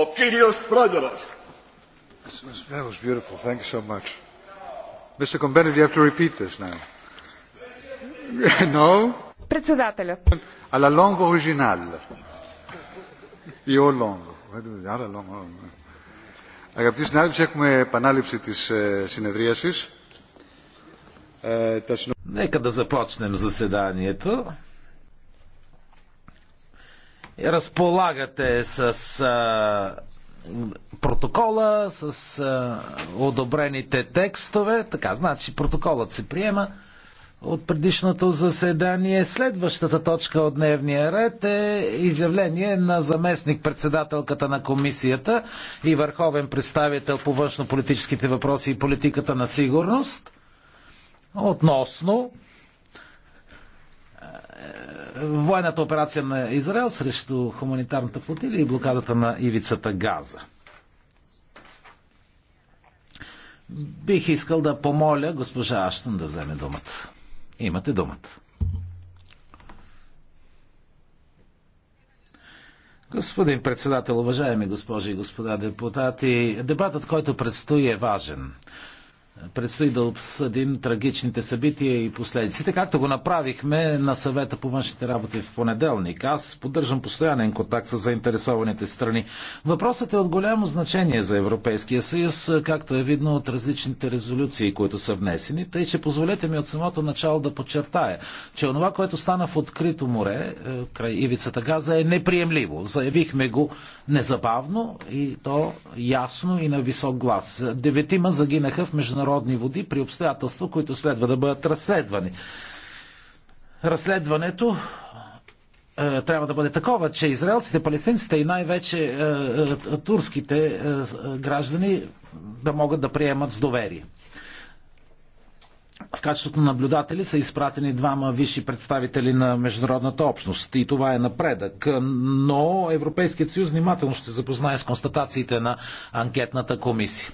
ο κύριος Πρόεδρος. That was beautiful. Thank you so much. Mr. Combenet, you have to repeat this now. no? Председателя. À la langue originale. Ή ο Άρα λόγο. Αγαπητοί συνάδελφοι, έχουμε επανάληψη της συνεδρίασης. Нека да започнем заседанието. Разполагате с а, протокола, с а, одобрените текстове. Така, значи протоколът се приема от предишното заседание. Следващата точка от дневния ред е изявление на заместник-председателката на комисията и върховен представител по външно-политическите въпроси и политиката на сигурност относно военната операция на Израел срещу хуманитарната флотилия и блокадата на ивицата Газа. Бих искал да помоля госпожа Аштън да вземе думата. Имате думата. Господин председател, уважаеми госпожи и господа депутати, дебатът, който предстои е важен. Предстои да обсъдим трагичните събития и последиците, както го направихме на съвета по външните работи в понеделник. Аз поддържам постоянен контакт с заинтересованите страни. Въпросът е от голямо значение за Европейския съюз, както е видно от различните резолюции, които са внесени. Тъй, че позволете ми от самото начало да подчертая, че онова, което стана в открито море, е, край ивицата Газа, е неприемливо. Заявихме го незабавно и то ясно и на висок глас. Деветима загинаха в международ международни води при обстоятелства, които следва да бъдат разследвани. Разследването е, трябва да бъде такова, че израелците, палестинците и най-вече е, е, турските граждани да могат да приемат с доверие. В качеството на наблюдатели са изпратени двама висши представители на международната общност и това е напредък. Но Европейският съюз внимателно ще запознае с констатациите на анкетната комисия.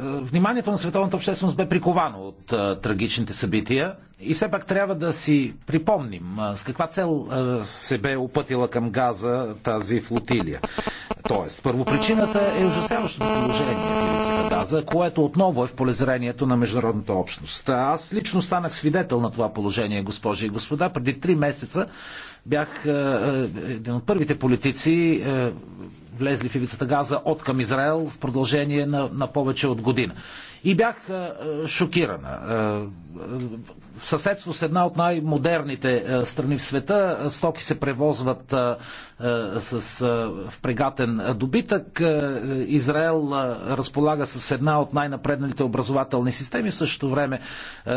Е, вниманието на световната общественост бе приковано от а, е, трагичните събития и все пак трябва да си припомним а, е, с каква цел а, се бе опътила към газа тази флотилия. Тоест, първопричината е ужасяващото положение в Ирицата Газа, което отново е в полезрението на международната общност. Аз лично станах свидетел на това положение, госпожи и господа. Преди три месеца бях един от първите политици влезли в ивицата Газа от към Израел в продължение на, на повече от година. И бях е, е, шокирана. Е, в съседство с една от най-модерните страни в света стоки се превозват с впрегатен добитък. Израел разполага с една от най-напредналите образователни системи. В същото време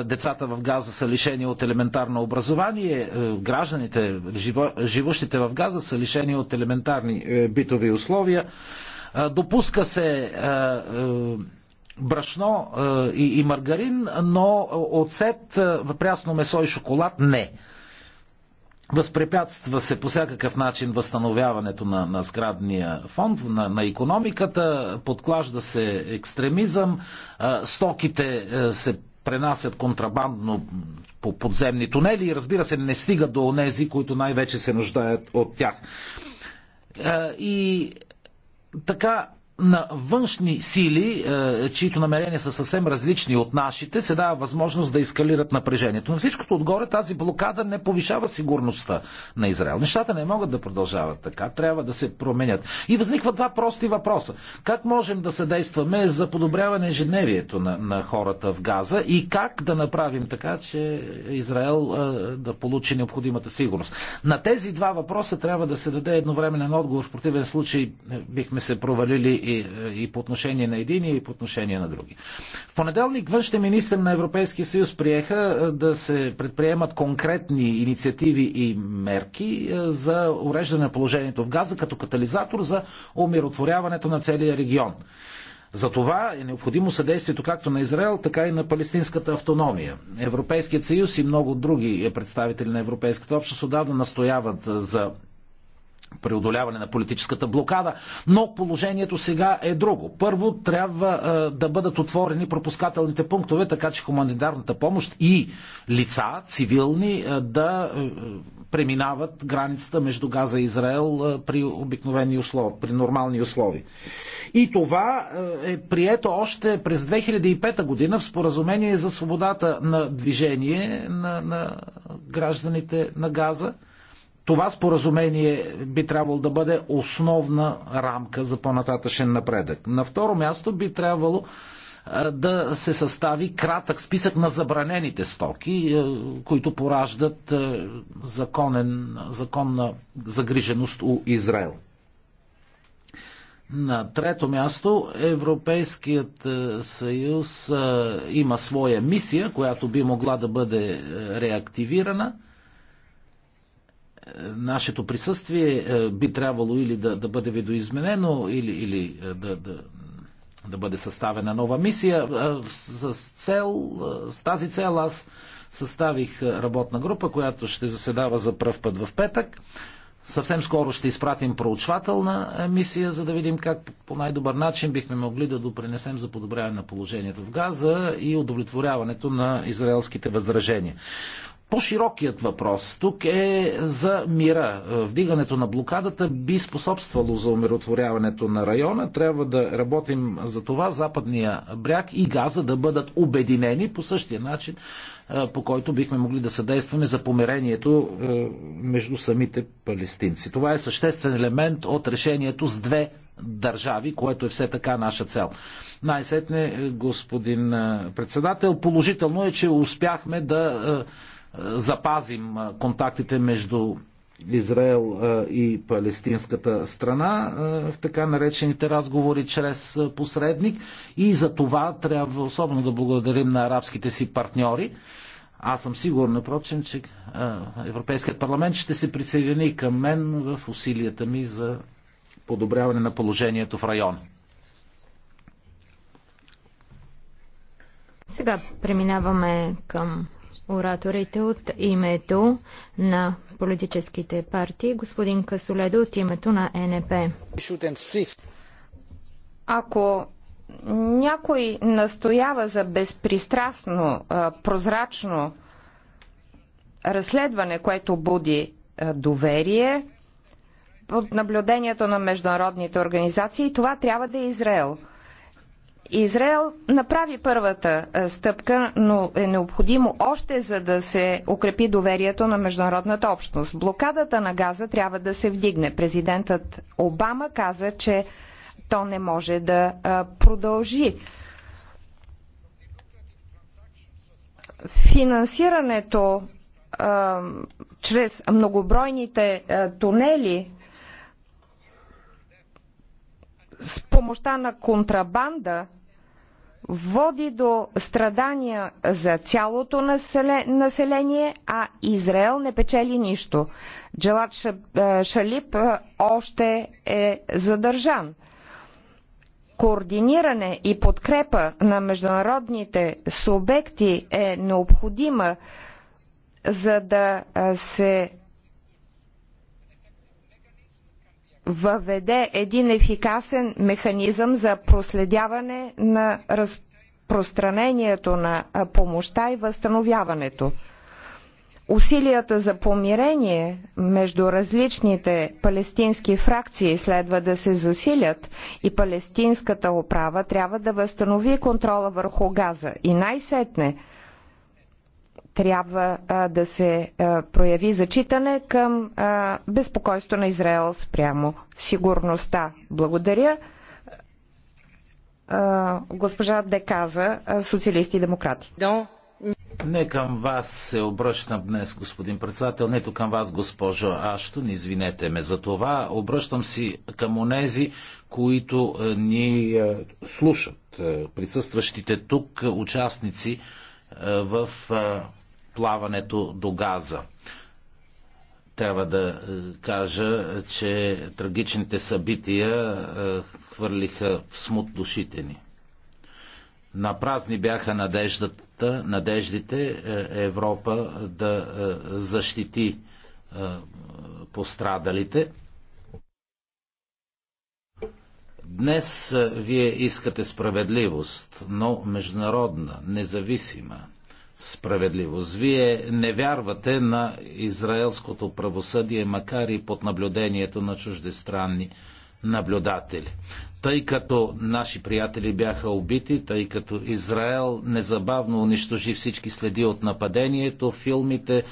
децата в Газа са лишени от елементарно образование. Гражданите, живо, живущите в Газа са лишени от елементарни битови условия условия. Допуска се брашно и маргарин, но оцет, прясно месо и шоколад не. Възпрепятства се по всякакъв начин възстановяването на, на сградния фонд, на, на економиката, подклажда се екстремизъм, стоките се пренасят контрабандно по подземни тунели и разбира се не стига до онези, които най-вече се нуждаят от тях и така на външни сили, е, чието намерения са съвсем различни от нашите, се дава възможност да ескалират напрежението. На всичкото отгоре тази блокада не повишава сигурността на Израел. Нещата не могат да продължават така, трябва да се променят. И възникват два прости въпроса. Как можем да съдействаме за подобряване ежедневието на, на хората в Газа и как да направим така, че Израел е, да получи необходимата сигурност? На тези два въпроса трябва да се даде едновременен отговор. В противен случай е, бихме се провалили и, и по отношение на едини, и по отношение на други. В понеделник външните министри на Европейския съюз приеха да се предприемат конкретни инициативи и мерки за уреждане на положението в Газа като катализатор за умиротворяването на целия регион. За това е необходимо съдействието както на Израел, така и на палестинската автономия. Европейският съюз и много други представители на Европейската общност отдавна настояват за преодоляване на политическата блокада, но положението сега е друго. Първо трябва е, да бъдат отворени пропускателните пунктове, така че хуманитарната помощ и лица, цивилни, е, да е, преминават границата между Газа и Израел е, при обикновени условия, при нормални условия. И това е, е прието още през 2005 година в споразумение за свободата на движение на, на гражданите на Газа това споразумение би трябвало да бъде основна рамка за по-нататъчен напредък. На второ място би трябвало да се състави кратък списък на забранените стоки, които пораждат законен, законна загриженост у Израел. На трето място Европейският съюз има своя мисия, която би могла да бъде реактивирана – нашето присъствие е, би трябвало или да, да бъде видоизменено, или, или е, да, да, да бъде съставена нова мисия. Е, с, цел, с тази цел аз съставих работна група, която ще заседава за пръв път в петък. Съвсем скоро ще изпратим проучвателна мисия, за да видим как по най-добър начин бихме могли да допринесем за подобряване на положението в Газа и удовлетворяването на израелските възражения. По-широкият въпрос тук е за мира. Е, вдигането на блокадата би способствало за умиротворяването на района. Трябва да работим за това западния бряг и газа да бъдат обединени по същия начин, е, по който бихме могли да съдействаме за помирението е, между самите палестинци. Това е съществен елемент от решението с две държави, което е все така наша цел. Най-сетне, господин председател, положително е, че успяхме да запазим контактите между Израел и палестинската страна в така наречените разговори чрез посредник и за това трябва особено да благодарим на арабските си партньори. Аз съм сигурен, напрочен, че Европейският парламент ще се присъедини към мен в усилията ми за подобряване на положението в района. Сега преминаваме към ораторите от името на политическите партии. Господин Касоледо от името на НП. Ако някой настоява за безпристрастно, прозрачно разследване, което буди доверие под наблюдението на международните организации, това трябва да е Израел – Израел направи първата е, стъпка, но е необходимо още за да се укрепи доверието на международната общност. Блокадата на газа трябва да се вдигне. Президентът Обама каза, че то не може да е, продължи. Финансирането а, е, чрез многобройните а, тунели с помощта на контрабанда води до страдания за цялото население, а Израел не печели нищо. Джалат е, Шалип е, още е задържан. Координиране и подкрепа на международните субекти е необходима, за да е, се въведе един ефикасен механизъм за проследяване на разпространението на помощта и възстановяването. Усилията за помирение между различните палестински фракции следва да се засилят и палестинската управа трябва да възстанови контрола върху газа и най-сетне – трябва а, да се а, прояви зачитане към а, безпокойство на Израел спрямо сигурността. Благодаря. А, госпожа Деказа, социалисти и демократи. Не към вас се обръщам днес, господин председател, нето към вас, госпожо Аштон, извинете ме за това. Обръщам си към онези, които е, ни е, слушат, е, присъстващите тук участници в плаването до Газа. Трябва да е, кажа, че трагичните събития е, хвърлиха в смут душите ни. На празни бяха надеждата, надеждите е, Европа да защити пострадалите. Днес вие искате справедливост, но международна, независима, справедливост. Вие не вярвате на израелското правосъдие, макар и под наблюдението на чуждестранни наблюдатели. Тъй като наши приятели бяха убити, тъй като Израел незабавно унищожи всички следи от нападението, филмите, е,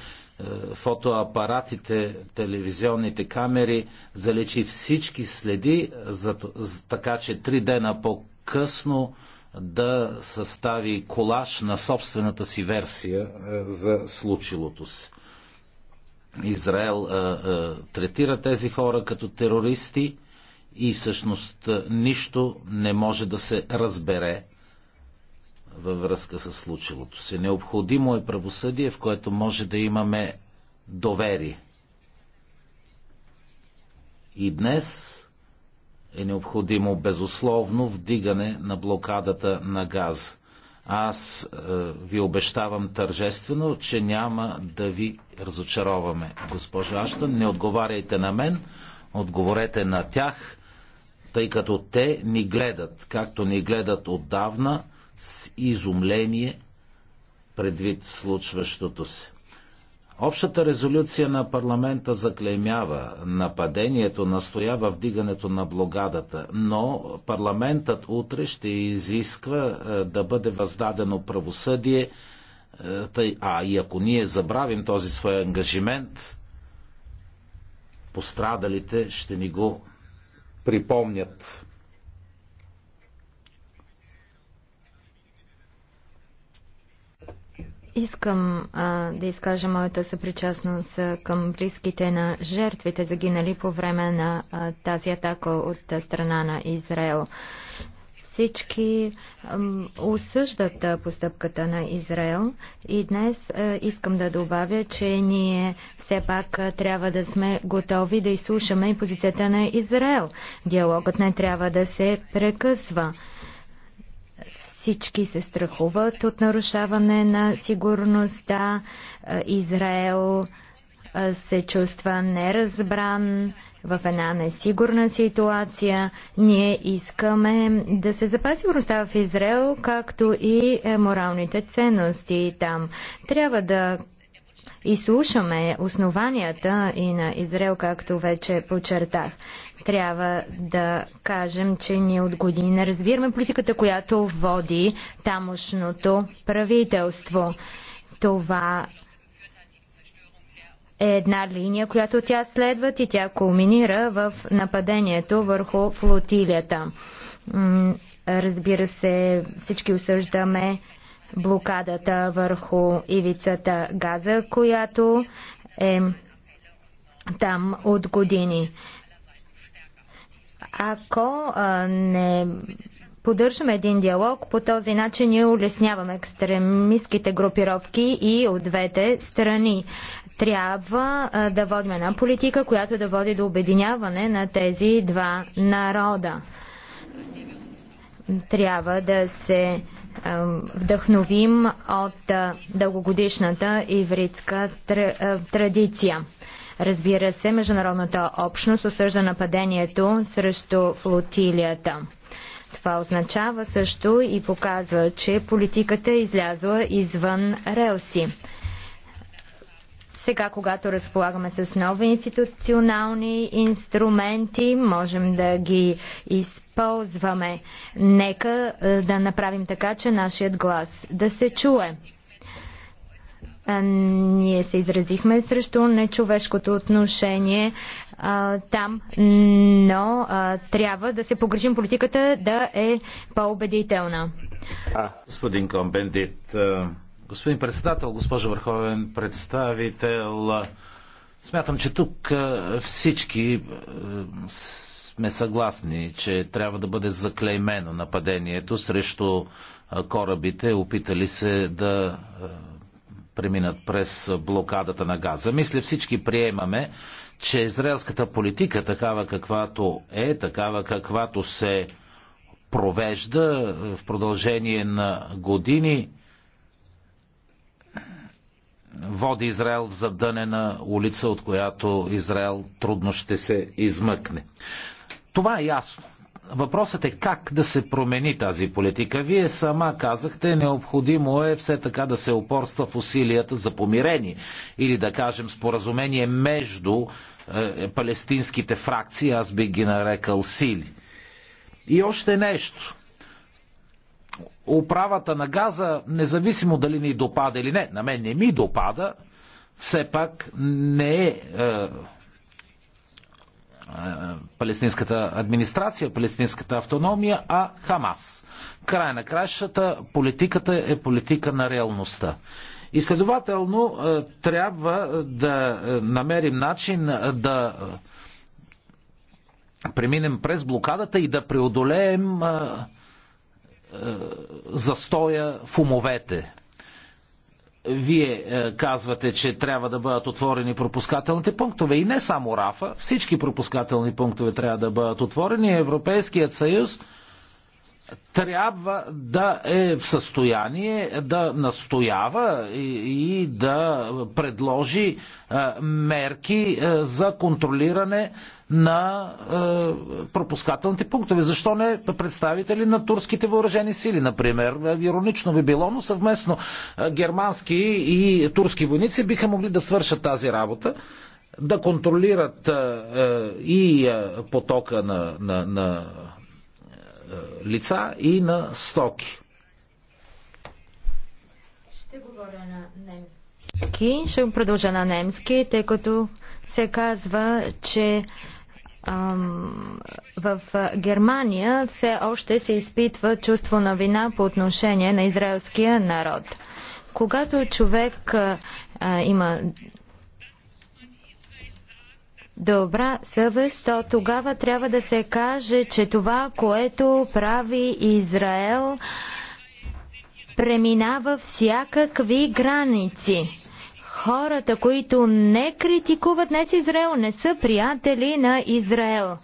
фотоапаратите, телевизионните камери, залечи всички следи, така че три дена по-късно да състави колаж на собствената си версия е, за случилото се. Израел а, е, а, е, третира тези хора като терористи и всъщност нищо не може да се разбере във връзка с случилото се. Необходимо е правосъдие, в което може да имаме доверие. И днес е необходимо безусловно вдигане на блокадата на газ. Аз е, ви обещавам тържествено, че няма да ви разочароваме. Госпожо Аштън, не отговаряйте на мен, отговорете на тях, тъй като те ни гледат, както ни гледат отдавна, с изумление предвид случващото се. Общата резолюция на парламента заклеймява нападението, настоява вдигането на блогадата, но парламентът утре ще изисква е, да бъде въздадено правосъдие, е, а и ако ние забравим този свой ангажимент, пострадалите ще ни го припомнят. Искам а, да изкажа моята съпричастност към близките на жертвите, загинали по време на а, тази атака от страна на Израел. Всички а, осъждат а, постъпката на Израел и днес а, искам да добавя, че ние все пак а, трябва да сме готови да изслушаме и позицията на Израел. Диалогът не трябва да се прекъсва. А, всички се страхуват от нарушаване на сигурността. Е, Израел е, се чувства неразбран в една несигурна ситуация. Ние искаме да се запази връзта в Израел, както и е, моралните ценности там. Трябва да изслушаме основанията и на Израел, както вече подчертах трябва да кажем, че ние от години не разбираме политиката, която води тамошното правителство. Това е една линия, която тя следва и тя кулминира в нападението върху флотилията. Разбира се, всички осъждаме блокадата върху ивицата Газа, която е там от години. Ако не поддържаме един диалог, по този начин ние улесняваме екстремистските групировки и от двете страни. Трябва да водим една политика, която да води до обединяване на тези два народа. Трябва да се вдъхновим от дългогодишната ивритска традиция. Разбира се, международната общност осъжда нападението срещу флотилията. Това означава също и показва, че политиката е излязла извън релси. Сега, когато разполагаме с нови институционални инструменти, можем да ги използваме. Нека е, да направим така, че нашият глас да се чуе ние се изразихме срещу нечовешкото отношение а, там, но а, трябва да се погрежим политиката да е по-убедителна. господин Комбендит, господин председател, госпожо Върховен представител, смятам, че тук всички сме съгласни, че трябва да бъде заклеймено нападението срещу корабите, опитали се да преминат през блокадата на газа. Мисля всички приемаме, че израелската политика, такава каквато е, такава каквато се провежда в продължение на години, води Израел в задънена улица, от която Израел трудно ще се измъкне. Това е ясно. Въпросът е как да се промени тази политика. Вие сама казахте, необходимо е все така да се опорства в усилията за помирение или да кажем споразумение между е, палестинските фракции, аз би ги нарекал сили. И още нещо. Управата на газа, независимо дали ни допада или не, на мен не ми допада, все пак не е, е е, е, палестинската администрация, палестинската автономия, а Хамас. Край на кращата политиката е политика на реалността. И следователно е, трябва да намерим начин да преминем през блокадата и да преодолеем застоя в умовете вие е, казвате, че трябва да бъдат отворени пропускателните пунктове и не само РАФа, всички пропускателни пунктове трябва да бъдат отворени. Европейският съюз трябва да е в състояние да настоява и да предложи е, мерки е, за контролиране на е, пропускателните пунктове. Защо не представители на турските въоръжени сили, например? Иронично би било, но съвместно германски и турски войници биха могли да свършат тази работа да контролират и потока на, на, на е, лица и на стоки. Ще говоря на немски. Ще продължа на немски, тъй като се казва, че ам, в Германия все още се изпитва чувство на вина по отношение на израелския народ. Когато човек а, има добра съвест, то тогава трябва да се каже, че това, което прави Израел, преминава всякакви граници. Хората, които не критикуват днес Израел, не са приятели на Израел.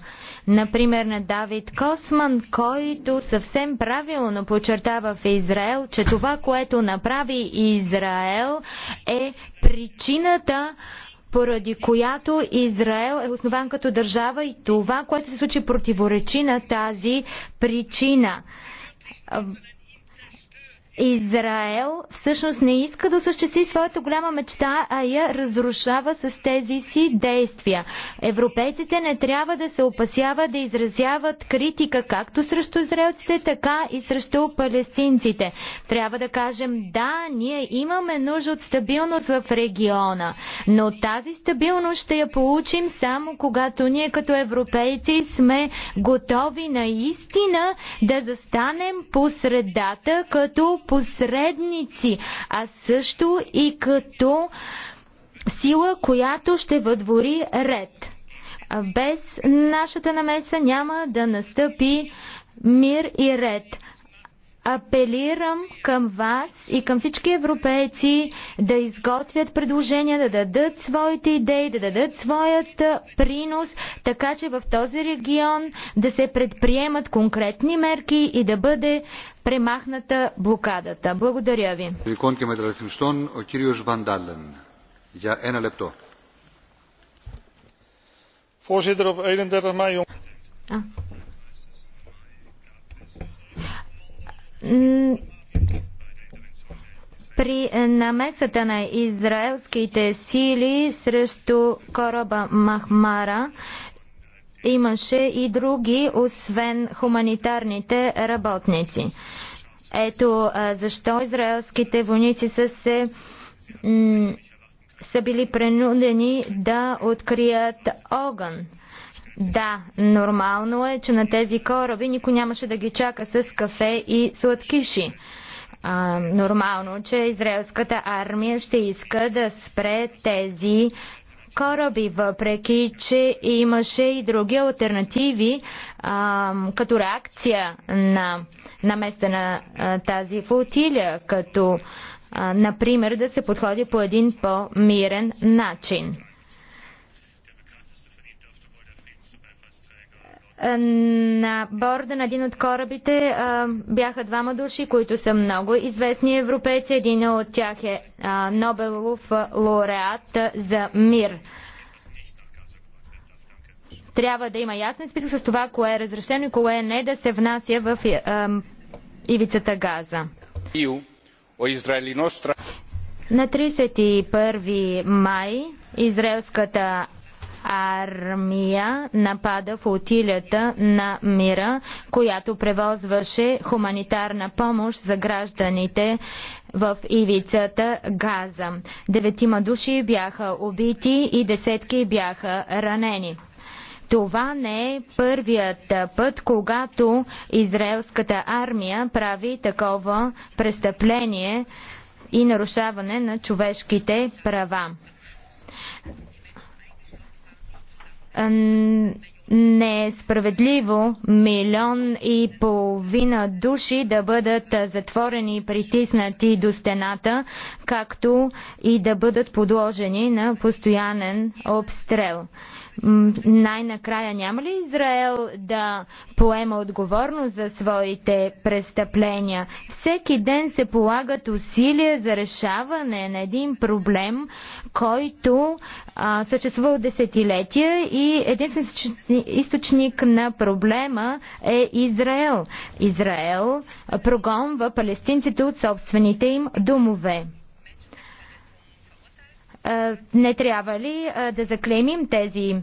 Например, на Давид Косман, който съвсем правилно подчертава в Израел, че това, което направи Израел е причината, поради която Израел е основан като държава и това, което се случи противоречи на тази причина. Израел всъщност не иска да осъществи своята голяма мечта, а я разрушава с тези си действия. Европейците не трябва да се опасяват да изразяват критика както срещу израелците, така и срещу палестинците. Трябва да кажем, да, ние имаме нужда от стабилност в региона, но тази стабилност ще я получим само когато ние като европейци сме готови наистина да застанем по средата като посредници, а също и като сила, която ще въдвори ред. Без нашата намеса няма да настъпи мир и ред апелирам към вас и към всички европейци да изготвят предложения, да дадат своите идеи, да дадат своят принос, така че в този регион да се предприемат конкретни мерки и да бъде премахната блокадата. Благодаря ви. Voorzitter, op 31 mei. при намесата на израелските сили срещу кораба Махмара имаше и други, освен хуманитарните работници. Ето защо израелските войници са се са били принудени да открият огън. Да, нормално е, че на тези кораби никой нямаше да ги чака с кафе и сладкиши. А, нормално, че израелската армия ще иска да спре тези кораби, въпреки че имаше и други альтернативи а, като реакция на, на места на а, тази флотилия, като а, например да се подходи по един по-мирен начин. На борда на един от корабите а, бяха двама души, които са много известни европейци. Един от тях е а, Нобелов лауреат за мир. Трябва да има ясен списък с това, кое е разрешено и кое не да се внася в е, а, ивицата Газа. На 31 май израелската армия напада флотилията на мира, която превозваше хуманитарна помощ за гражданите в ивицата Газа. Деветима души бяха убити и десетки бяха ранени. Това не е първият път, когато израелската армия прави такова престъпление и нарушаване на човешките права. Ähm, не е справедливо милион и половина души да бъдат затворени и притиснати до стената, както и да бъдат подложени на постоянен обстрел. Най-накрая няма ли Израел да поема отговорност за своите престъпления? Всеки ден се полагат усилия за решаване на един проблем, който а, съществува от десетилетия и единствено източник на проблема е Израел. Израел прогонва палестинците от собствените им домове. Не трябва ли да заклемим тези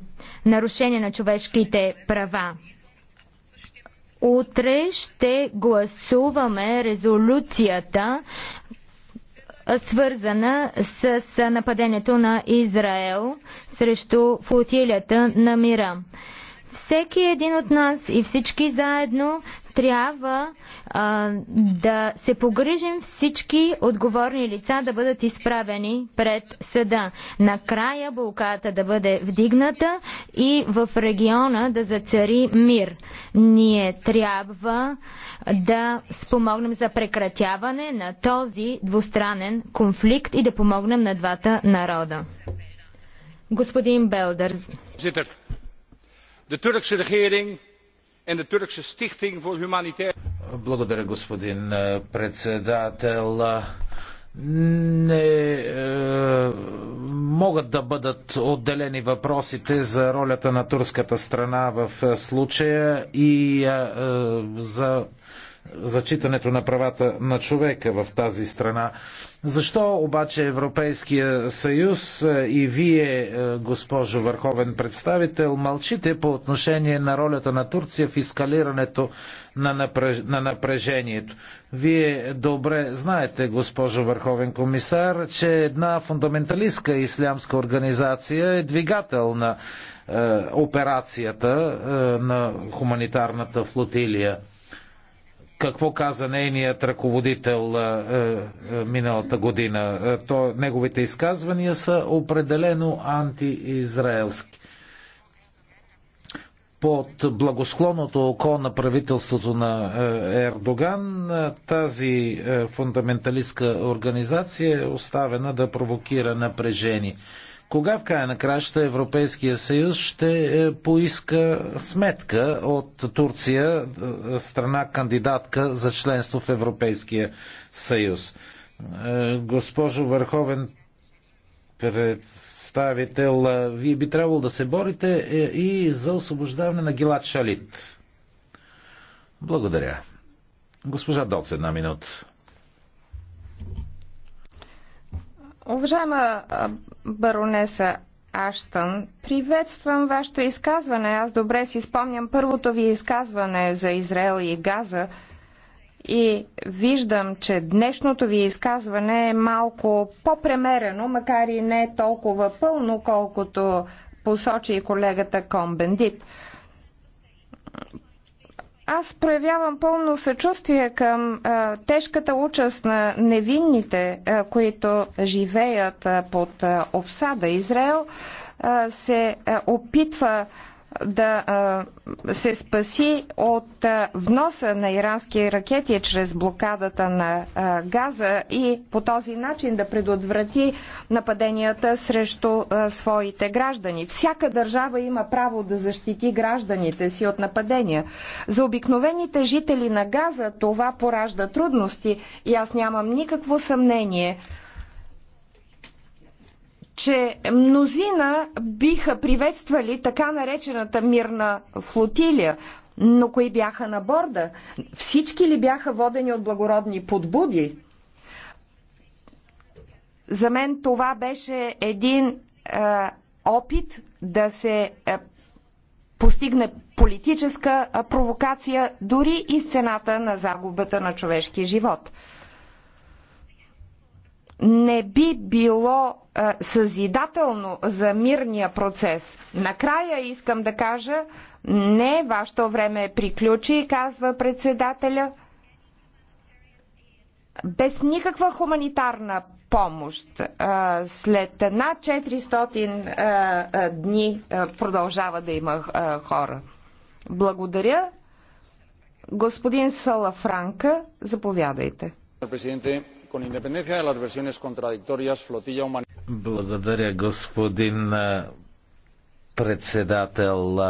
нарушения на човешките права? Утре ще гласуваме резолюцията, свързана с нападението на Израел срещу флотилията на мира. Всеки един от нас и всички заедно трябва а, да се погрижим всички отговорни лица да бъдат изправени пред съда. Накрая булката да бъде вдигната и в региона да зацари мир. Ние трябва да спомогнем за прекратяване на този двустранен конфликт и да помогнем на двата народа. Господин Белдърс de turkse regering en de turkse stichting voor humanitaire. Благодаря, господин е, председател. Не е, могат да бъдат отделени въпросите за ролята на турската страна в е, случая и е, е за зачитането на правата на човека в тази страна. Защо обаче Европейския съюз е, и вие, е, госпожо Върховен представител, мълчите по отношение на ролята на Турция в изкалирането на, на напрежението? Вие добре знаете, госпожо Върховен комисар, че една фундаменталистка ислямска организация е двигател на е, операцията е, на хуманитарната флотилия какво каза нейният ръководител а, а, миналата година. То, неговите изказвания са определено антиизраелски. Под благосклонното око на правителството на Ердоган тази фундаменталистка организация е оставена да провокира напрежение. Кога в края на краща Европейския съюз ще е, поиска сметка от Турция, е, страна кандидатка за членство в Европейския съюз? Е, госпожо Върховен представител, вие би трябвало да се борите и за освобождаване на Гилат Шалит. Благодаря. Госпожа Доц, една минута. Уважаема баронеса Аштън, приветствам вашето изказване. Аз добре си спомням първото ви изказване за Израел и Газа и виждам, че днешното ви изказване е малко по-премерено, макар и не толкова пълно, колкото посочи и колегата Комбендит. Аз проявявам пълно съчувствие към а, тежката участ на невинните, а, които живеят а, под а, обсада. Израел а, се а, опитва да се спаси от вноса на ирански ракети чрез блокадата на газа и по този начин да предотврати нападенията срещу своите граждани. Всяка държава има право да защити гражданите си от нападения. За обикновените жители на газа това поражда трудности и аз нямам никакво съмнение, че мнозина биха приветствали така наречената мирна флотилия. Но кои бяха на борда? Всички ли бяха водени от благородни подбуди? За мен това беше един е, опит да се е, постигне политическа е, провокация дори и сцената на загубата на човешки живот не би било а, съзидателно за мирния процес. Накрая искам да кажа, не, вашето време е приключи, казва председателя. Без никаква хуманитарна помощ. А, след над 400 а, дни продължава да има хора. Благодаря. Господин Салафранка, заповядайте. Президенте, con independencia de las versiones contradictorias, flotilla humanitaria. Благодаря, господин председател.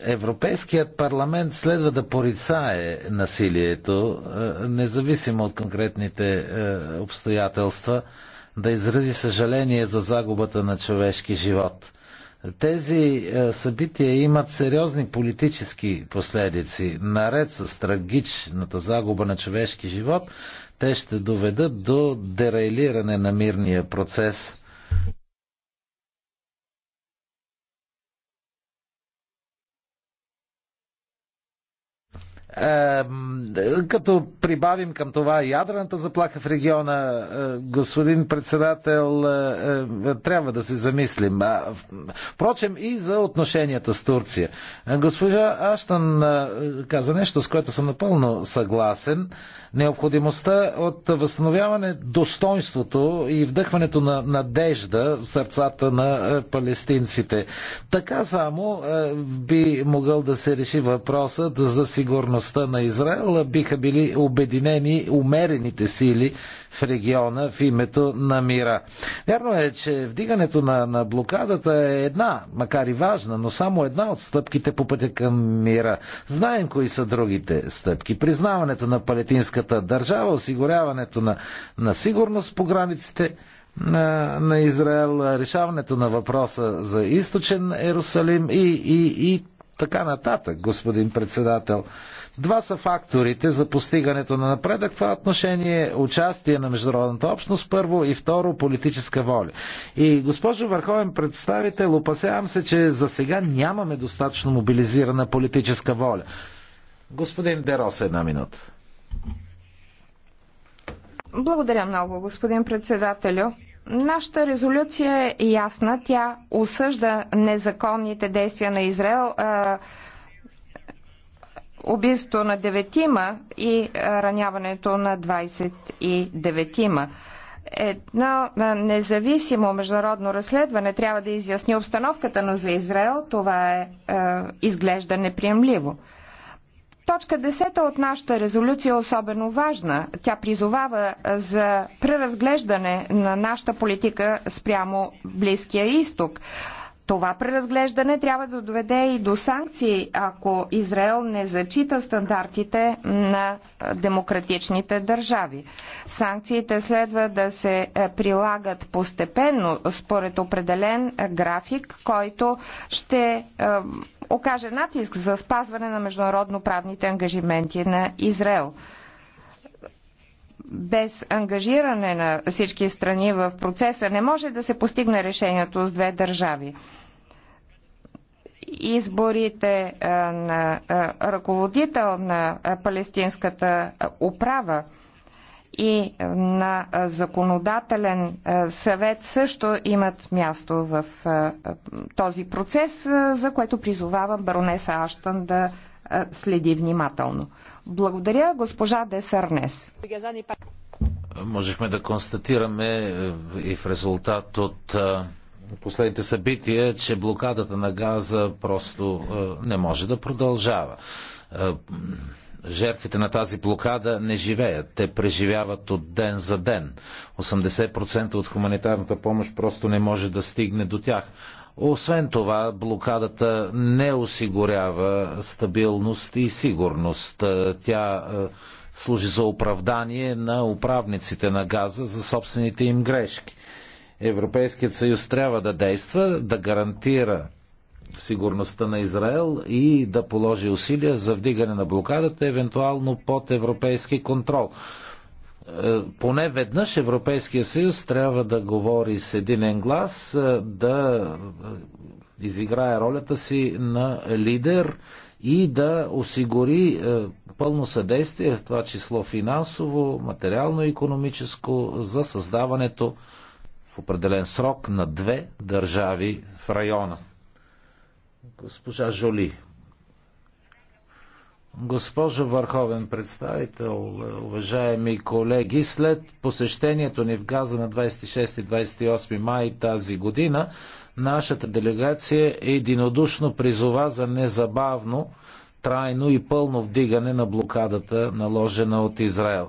Европейският парламент следва да порицае насилието, независимо от конкретните обстоятелства, да изрази съжаление за загубата на човешки живот. Тези е, събития имат сериозни политически последици. Наред с трагичната загуба на човешки живот, те ще доведат до дерайлиране на мирния процес. като прибавим към това ядрената заплаха в региона, е, господин председател, е, е, трябва да се замислим. Впрочем и за отношенията с Турция. Госпожа Аштан каза нещо, с което съм напълно съгласен. Необходимостта от възстановяване достоинството и вдъхването на надежда в сърцата на палестинците. Така само би могъл да се реши въпросът за сигурност сигурността на Израел биха били обединени умерените сили в региона в името на мира. Вярно е, че вдигането на, на блокадата е една, макар и важна, но само една от стъпките по пътя към мира. Знаем кои са другите стъпки. Признаването на палетинската държава, осигуряването на, на сигурност по границите, на, на Израел, решаването на въпроса за източен Ерусалим и, и, и така нататък, господин председател. Два са факторите за постигането на напредък в това отношение. Участие на международната общност първо и второ политическа воля. И госпожо Върховен представител, опасявам се, че за сега нямаме достатъчно мобилизирана политическа воля. Господин Дерос, една минута. Благодаря много, господин председателю. Нашата резолюция е ясна. Тя осъжда незаконните действия на Израел убийството на деветима и раняването на 29-ма. Едно независимо международно разследване трябва да изясни обстановката, но за Израел това е, е изглежда неприемливо. Точка 10 от нашата резолюция е особено важна. Тя призовава за преразглеждане на нашата политика спрямо Близкия изток. Това преразглеждане трябва да доведе и до санкции, ако Израел не зачита стандартите на демократичните държави. Санкциите следва да се е, прилагат постепенно според определен е, график, който ще е, окаже натиск за спазване на международно правните ангажименти на Израел без ангажиране на всички страни в процеса не може да се постигне решението с две държави. Изборите на ръководител на палестинската управа и на законодателен съвет също имат място в този процес, за което призовавам баронеса Аштан да следи внимателно. Благодаря, госпожа Десарнес. Можехме да констатираме е, и в резултат от е, последните събития, че блокадата на газа просто е, не може да продължава. Жертвите на тази блокада не живеят. Те преживяват от ден за ден. 80% от хуманитарната помощ просто не може да стигне до тях. Освен това, блокадата не осигурява стабилност и сигурност. Е, Тя е, служи за оправдание на управниците на газа за собствените им грешки. Европейският съюз трябва да действа, да гарантира сигурността на Израел и да положи усилия за вдигане на блокадата, евентуално под европейски контрол. Е, поне веднъж Европейския съюз трябва да говори с единен глас, е, да е, изиграе ролята си на лидер и да осигури пълно съдействие, в това число финансово, материално-економическо, и за създаването в определен срок на две държави в района. Госпожа Жоли. Госпожо Върховен представител, уважаеми колеги, след посещението ни в Газа на 26 и 28 май тази година, нашата делегация единодушно призова за незабавно, трайно и пълно вдигане на блокадата, наложена от Израел.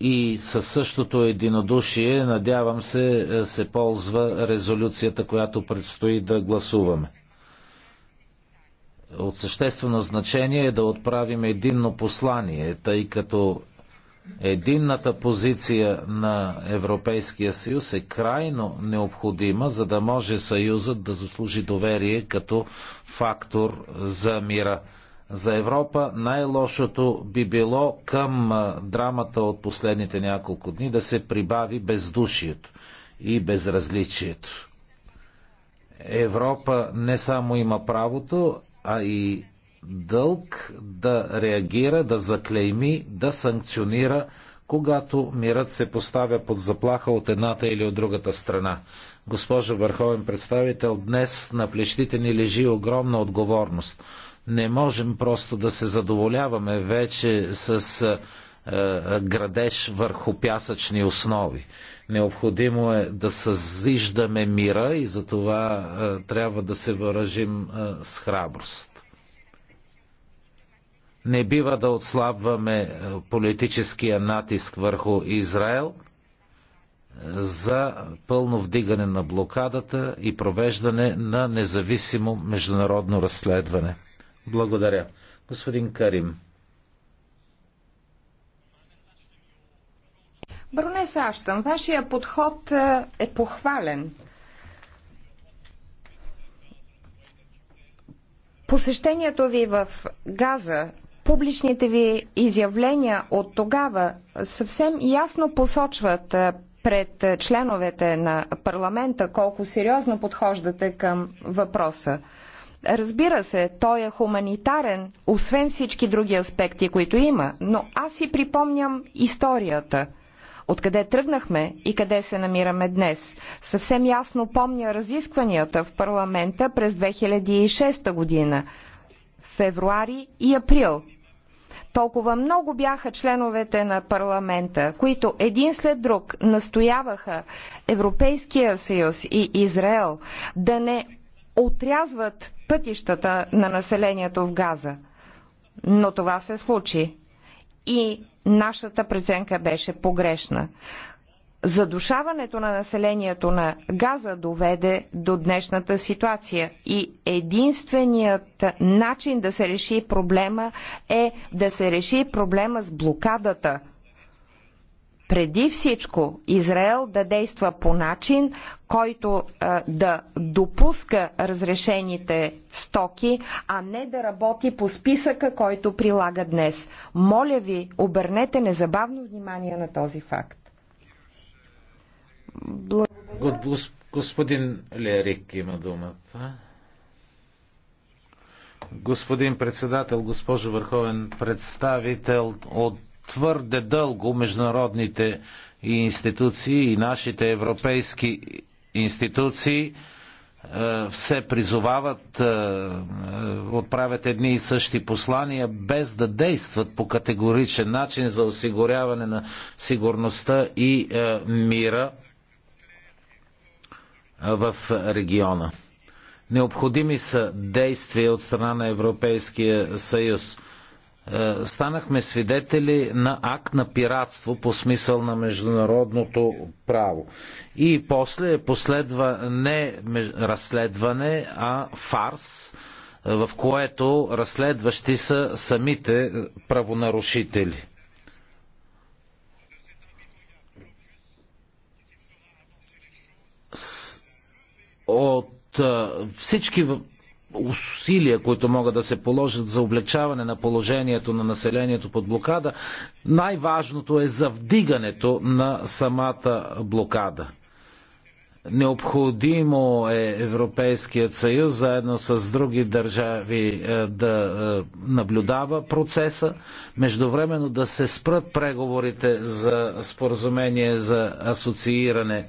И със същото единодушие, надявам се, се ползва резолюцията, която предстои да гласуваме. От съществено значение е да отправим единно послание, тъй като единната позиция на Европейския съюз е крайно необходима, за да може съюзът да заслужи доверие като фактор за мира. За Европа най-лошото би било към драмата от последните няколко дни да се прибави бездушието и безразличието. Европа не само има правото, а и дълг да реагира, да заклейми, да санкционира, когато мирът се поставя под заплаха от едната или от другата страна. Госпожо Върховен представител, днес на плещите ни лежи огромна отговорност. Не можем просто да се задоволяваме вече с е, е, градеж върху пясъчни основи. Необходимо е да съзиждаме мира и за това е, трябва да се въражим с храброст. Не бива да отслабваме политическия натиск върху Израел за пълно вдигане на блокадата и провеждане на независимо международно разследване. Благодаря. Господин Карим. Бронес Аштън, вашия подход е, е похвален. Посещението ви в Газа, публичните ви изявления от тогава съвсем ясно посочват е, пред е, членовете на парламента колко сериозно подхождате към въпроса. Разбира се, той е хуманитарен, освен всички други аспекти, които има, но аз си припомням историята – Откъде тръгнахме и къде се намираме днес? Съвсем ясно помня разискванията в парламента през 2006 година, февруари и април. Толкова много бяха членовете на парламента, които един след друг настояваха Европейския съюз и Израел да не отрязват пътищата на населението в Газа. Но това се случи. И нашата преценка беше погрешна. Задушаването на населението на Газа доведе до днешната ситуация и единственият начин да се реши проблема е да се реши проблема с блокадата преди всичко Израел да действа по начин, който а, да допуска разрешените стоки, а не да работи по списъка, който прилага днес. Моля ви, обърнете незабавно внимание на този факт. Благодаря. Господин Лерик има думата. Господин председател, госпожо върховен представител, от твърде дълго международните институции и нашите европейски институции все е, призовават, е, е, отправят едни и същи послания, без да действат по категоричен начин за осигуряване на сигурността и мира в региона. Необходими са действия от страна на Европейския съюз. Е, станахме свидетели на акт на пиратство по смисъл на международното право. И после последва не разследване, а фарс, е, в което разследващи са самите правонарушители. От всички усилия, които могат да се положат за облегчаване на положението на населението под блокада, най-важното е за вдигането на самата блокада. Необходимо е Европейският съюз заедно с други държави е, да е, наблюдава процеса, междувременно да се спрат преговорите за споразумение за асоцииране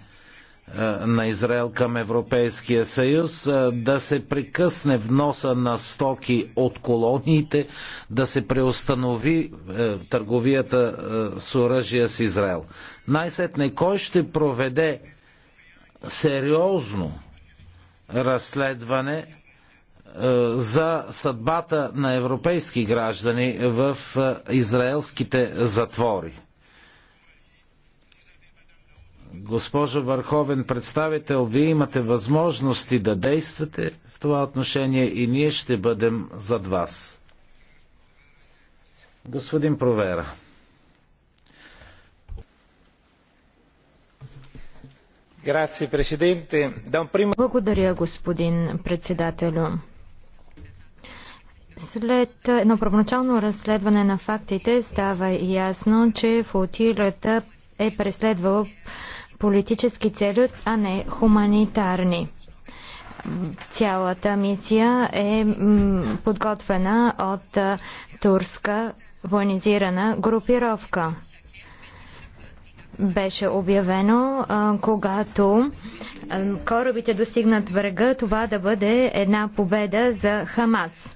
е, на Израел към Европейския съюз, е, да се прекъсне вноса на стоки от колониите, да се преустанови е, търговията с оръжия с Израел. Най-сетне кой ще проведе сериозно разследване за съдбата на европейски граждани в израелските затвори? Госпожо Върховен представител, вие имате възможности да действате в това отношение и ние ще бъдем зад вас. Господин Провера. Благодаря, господин председателю. След едно първоначално разследване на фактите става ясно, че флотилията е преследвала политически цели, а не хуманитарни. Цялата мисия е подготвена от турска военизирана групировка. Беше обявено, когато корабите достигнат врага, това да бъде една победа за Хамас.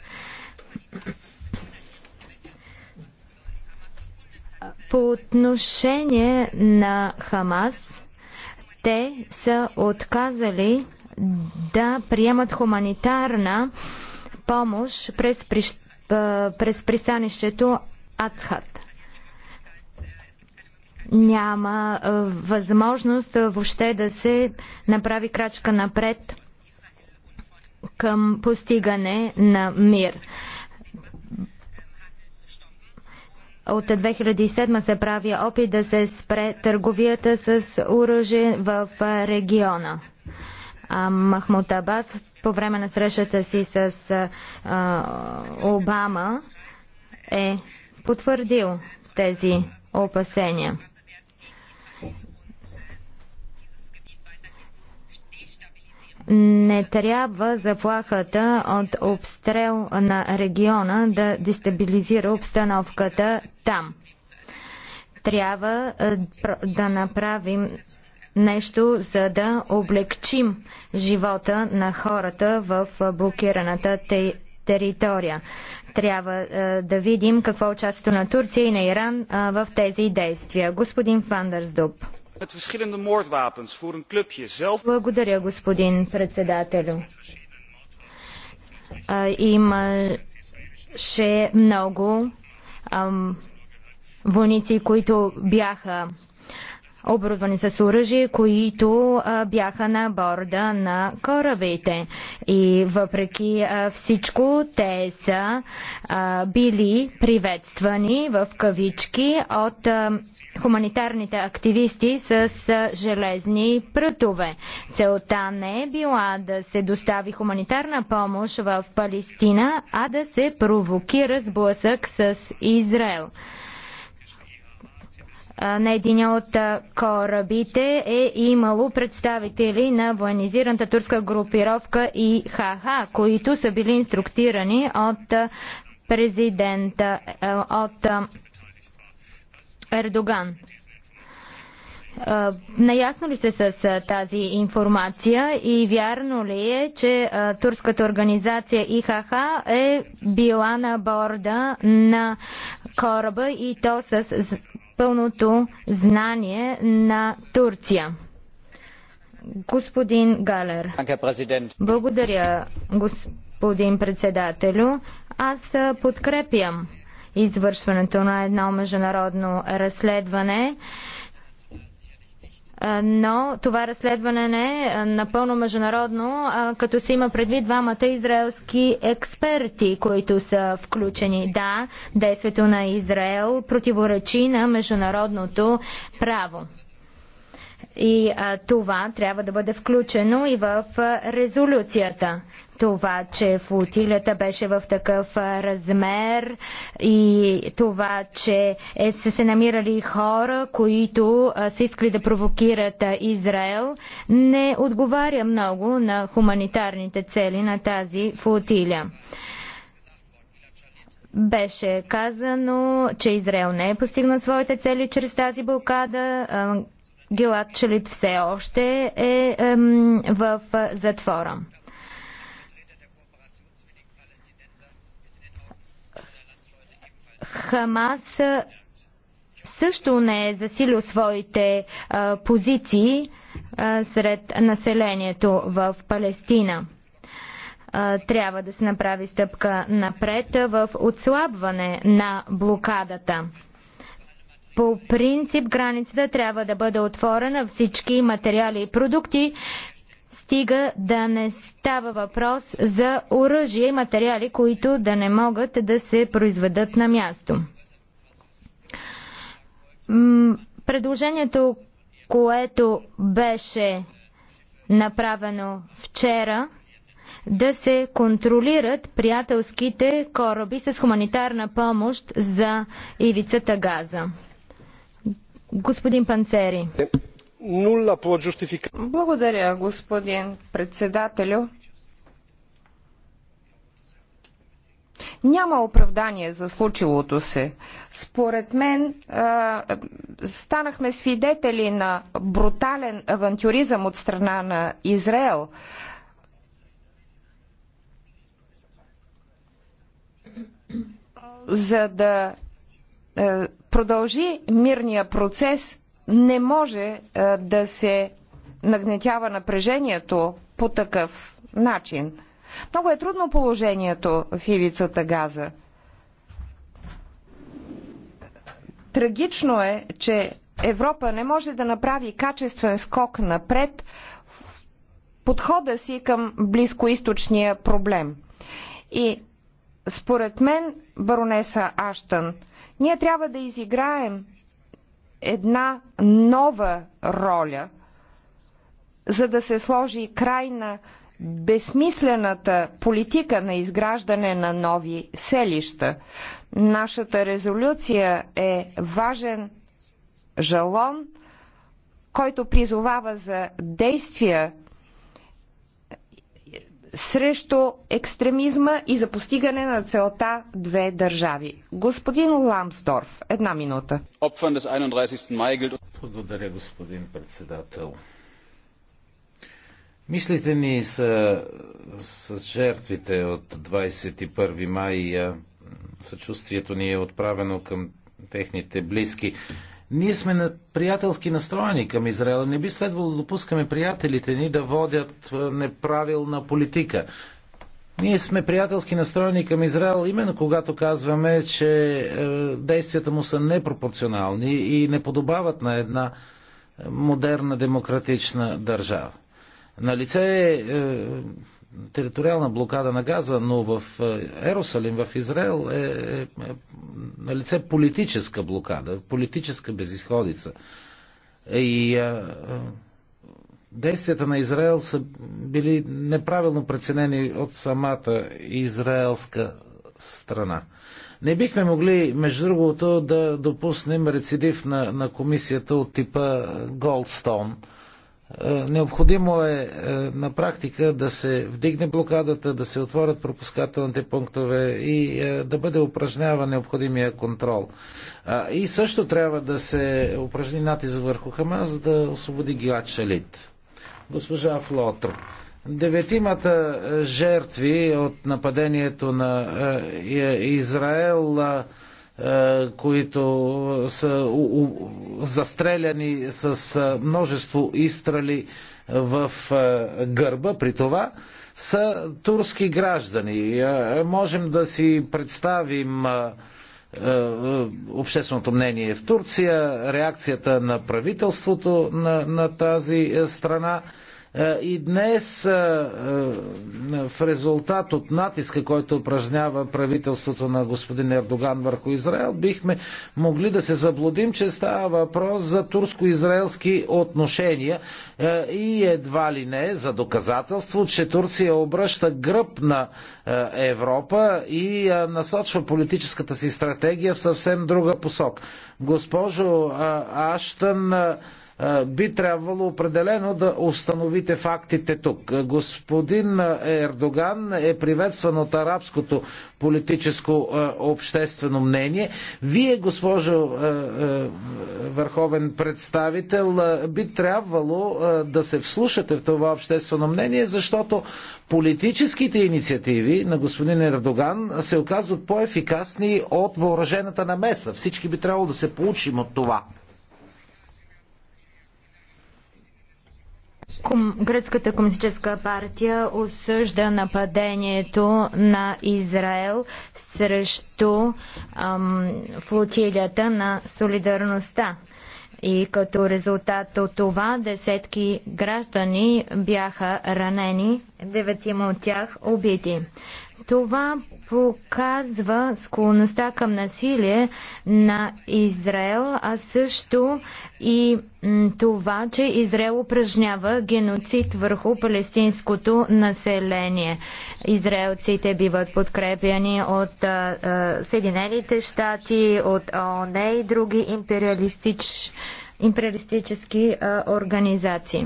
По отношение на Хамас, те са отказали да приемат хуманитарна помощ през, при, през пристанището Ацхат. Няма а, възможност а, въобще да се направи крачка напред към постигане на мир. От 2007 се прави опит да се спре търговията с оръжие в региона. Махмут Абас по време на срещата си с а, Обама е потвърдил тези опасения. Не трябва заплахата от обстрел на региона да дестабилизира обстановката там. Трябва е, да направим нещо, за да облегчим живота на хората в блокираната територия. Трябва е, да видим какво е участието на Турция и на Иран е, в тези действия. Господин Фандерсдуб. Благодаря, господин председател. Имаше много войници, които бяха оборудвани с оръжие, които а, бяха на борда на корабите. И въпреки а, всичко, те са а, били приветствани в кавички от хуманитарните активисти с железни прътове. Целта не е била да се достави хуманитарна помощ в Палестина, а да се провокира сблъсък с Израел на един от корабите е имало представители на военизираната турска групировка ХХ, които са били инструктирани от президента, от Ердоган. Наясно ли сте с тази информация и вярно ли е, че турската организация ИХХ е била на борда на кораба и то с пълното знание на Турция. Господин Галер. Благодаря, господин председателю. Аз подкрепям извършването на едно международно разследване но това разследване не е напълно международно, като се има предвид двамата израелски експерти, които са включени. Да, действието на Израел противоречи на международното право. И а, това трябва да бъде включено и в а, резолюцията. Това, че флотилията беше в такъв а, размер и това, че е, са се намирали хора, които а, са искали да провокират а, Израел, не отговаря много на хуманитарните цели на тази флотилия. Беше казано, че Израел не е постигнал своите цели чрез тази блокада. А, Гилат Шалит все още е ем, в затвора. Хамас също не е засилил своите а, е, позиции а, е, сред населението в Палестина. А, е, трябва да се направи стъпка напред в отслабване на блокадата. По принцип границата трябва да бъде отворена всички материали и продукти, стига да не става въпрос за оръжие и материали, които да не могат да се произведат на място. Предложението, което беше направено вчера, да се контролират приятелските кораби с хуманитарна помощ за ивицата Газа. Господин Панцери. Благодаря, господин председателю. Няма оправдание за случилото се. Според мен а, станахме свидетели на брутален авантюризъм от страна на Израел. За да е, продължи мирния процес, не може е, да се нагнетява напрежението по такъв начин. Много е трудно положението в ивицата Газа. Трагично е, че Европа не може да направи качествен скок напред в подхода си към близкоисточния проблем. И според мен, баронеса Аштън, ние трябва да изиграем една нова роля, за да се сложи край на безсмислената политика на изграждане на нови селища. Нашата резолюция е важен жалон, който призовава за действия срещу екстремизма и за постигане на целта две държави. Господин Ламсдорф, една минута. Благодаря, господин председател. Мислите ни са с жертвите от 21 май. Съчувствието ни е отправено към техните близки. Ние сме на приятелски настроени към Израел. Не би следвало да допускаме приятелите ни да водят е, неправилна политика. Ние сме приятелски настроени към Израел, именно когато казваме, че е, действията му са непропорционални и не подобават на една е, модерна демократична държава. На лице е териториална блокада на Газа, но в е, Ерусалим, в Израел е, е, е на лице политическа блокада, политическа безисходица. Е, и е, е, действията на Израел са били неправилно преценени от самата израелска страна. Не бихме могли, между другото, да допуснем рецидив на, на комисията от типа Голдстон – е, необходимо е, е на практика да се вдигне блокадата, да се отворят пропускателните пунктове и е, да бъде упражнява необходимия контрол. И също трябва да се упражни натиск върху Хамас, за да освободи Гилад Шалит. Госпожа Флотр, деветимата жертви от нападението на Израел е, които са застреляни с е, множество изстрели в е, гърба при това, са турски граждани. Можем да си представим общественото мнение в Турция, реакцията на правителството на, на тази страна. Е, и днес е, е, в резултат от натиска, който упражнява правителството на господин Ердоган върху Израел, бихме могли да се заблудим, че става въпрос за турско-израелски отношения и едва ли не за доказателство, че Турция обръща гръб на Европа и насочва политическата си стратегия в съвсем друга посока. Госпожо Аштън, би трябвало определено да установите фактите тук. Господин Ердоган е приветстван от арабското политическо обществено мнение. Вие, госпожо върховен представител, би трябвало да се вслушате в това обществено мнение, защото политическите инициативи на господин Ердоган се оказват по-ефикасни от въоръжената намеса. Всички би трябвало да се получим от това. гръцката комунистическа партия осъжда нападението на Израел срещу ам, флотилията на солидарността. И като резултат от това десетки граждани бяха ранени, деветима от тях убити. Това показва склонността към насилие на Израел, а също и това, че Израел упражнява геноцид върху палестинското население. Израелците биват подкрепяни от Съединените щати, от ООН и други империалистич, империалистически а, организации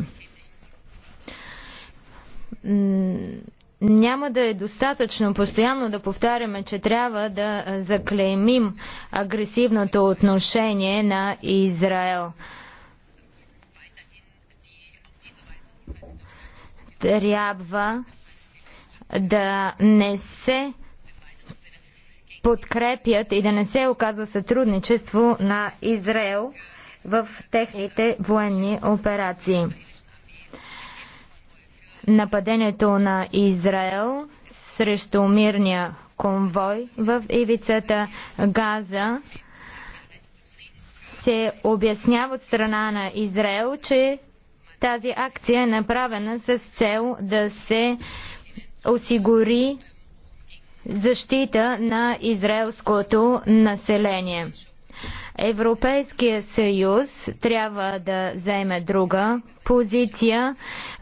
няма да е достатъчно постоянно да повтаряме, че трябва да заклеймим агресивното отношение на Израел. Трябва да не се подкрепят и да не се оказва сътрудничество на Израел в техните военни операции нападението на Израел срещу мирния конвой в ивицата Газа се обяснява от страна на Израел, че тази акция е направена с цел да се осигури защита на израелското население. Европейския съюз трябва да заеме друга позиция,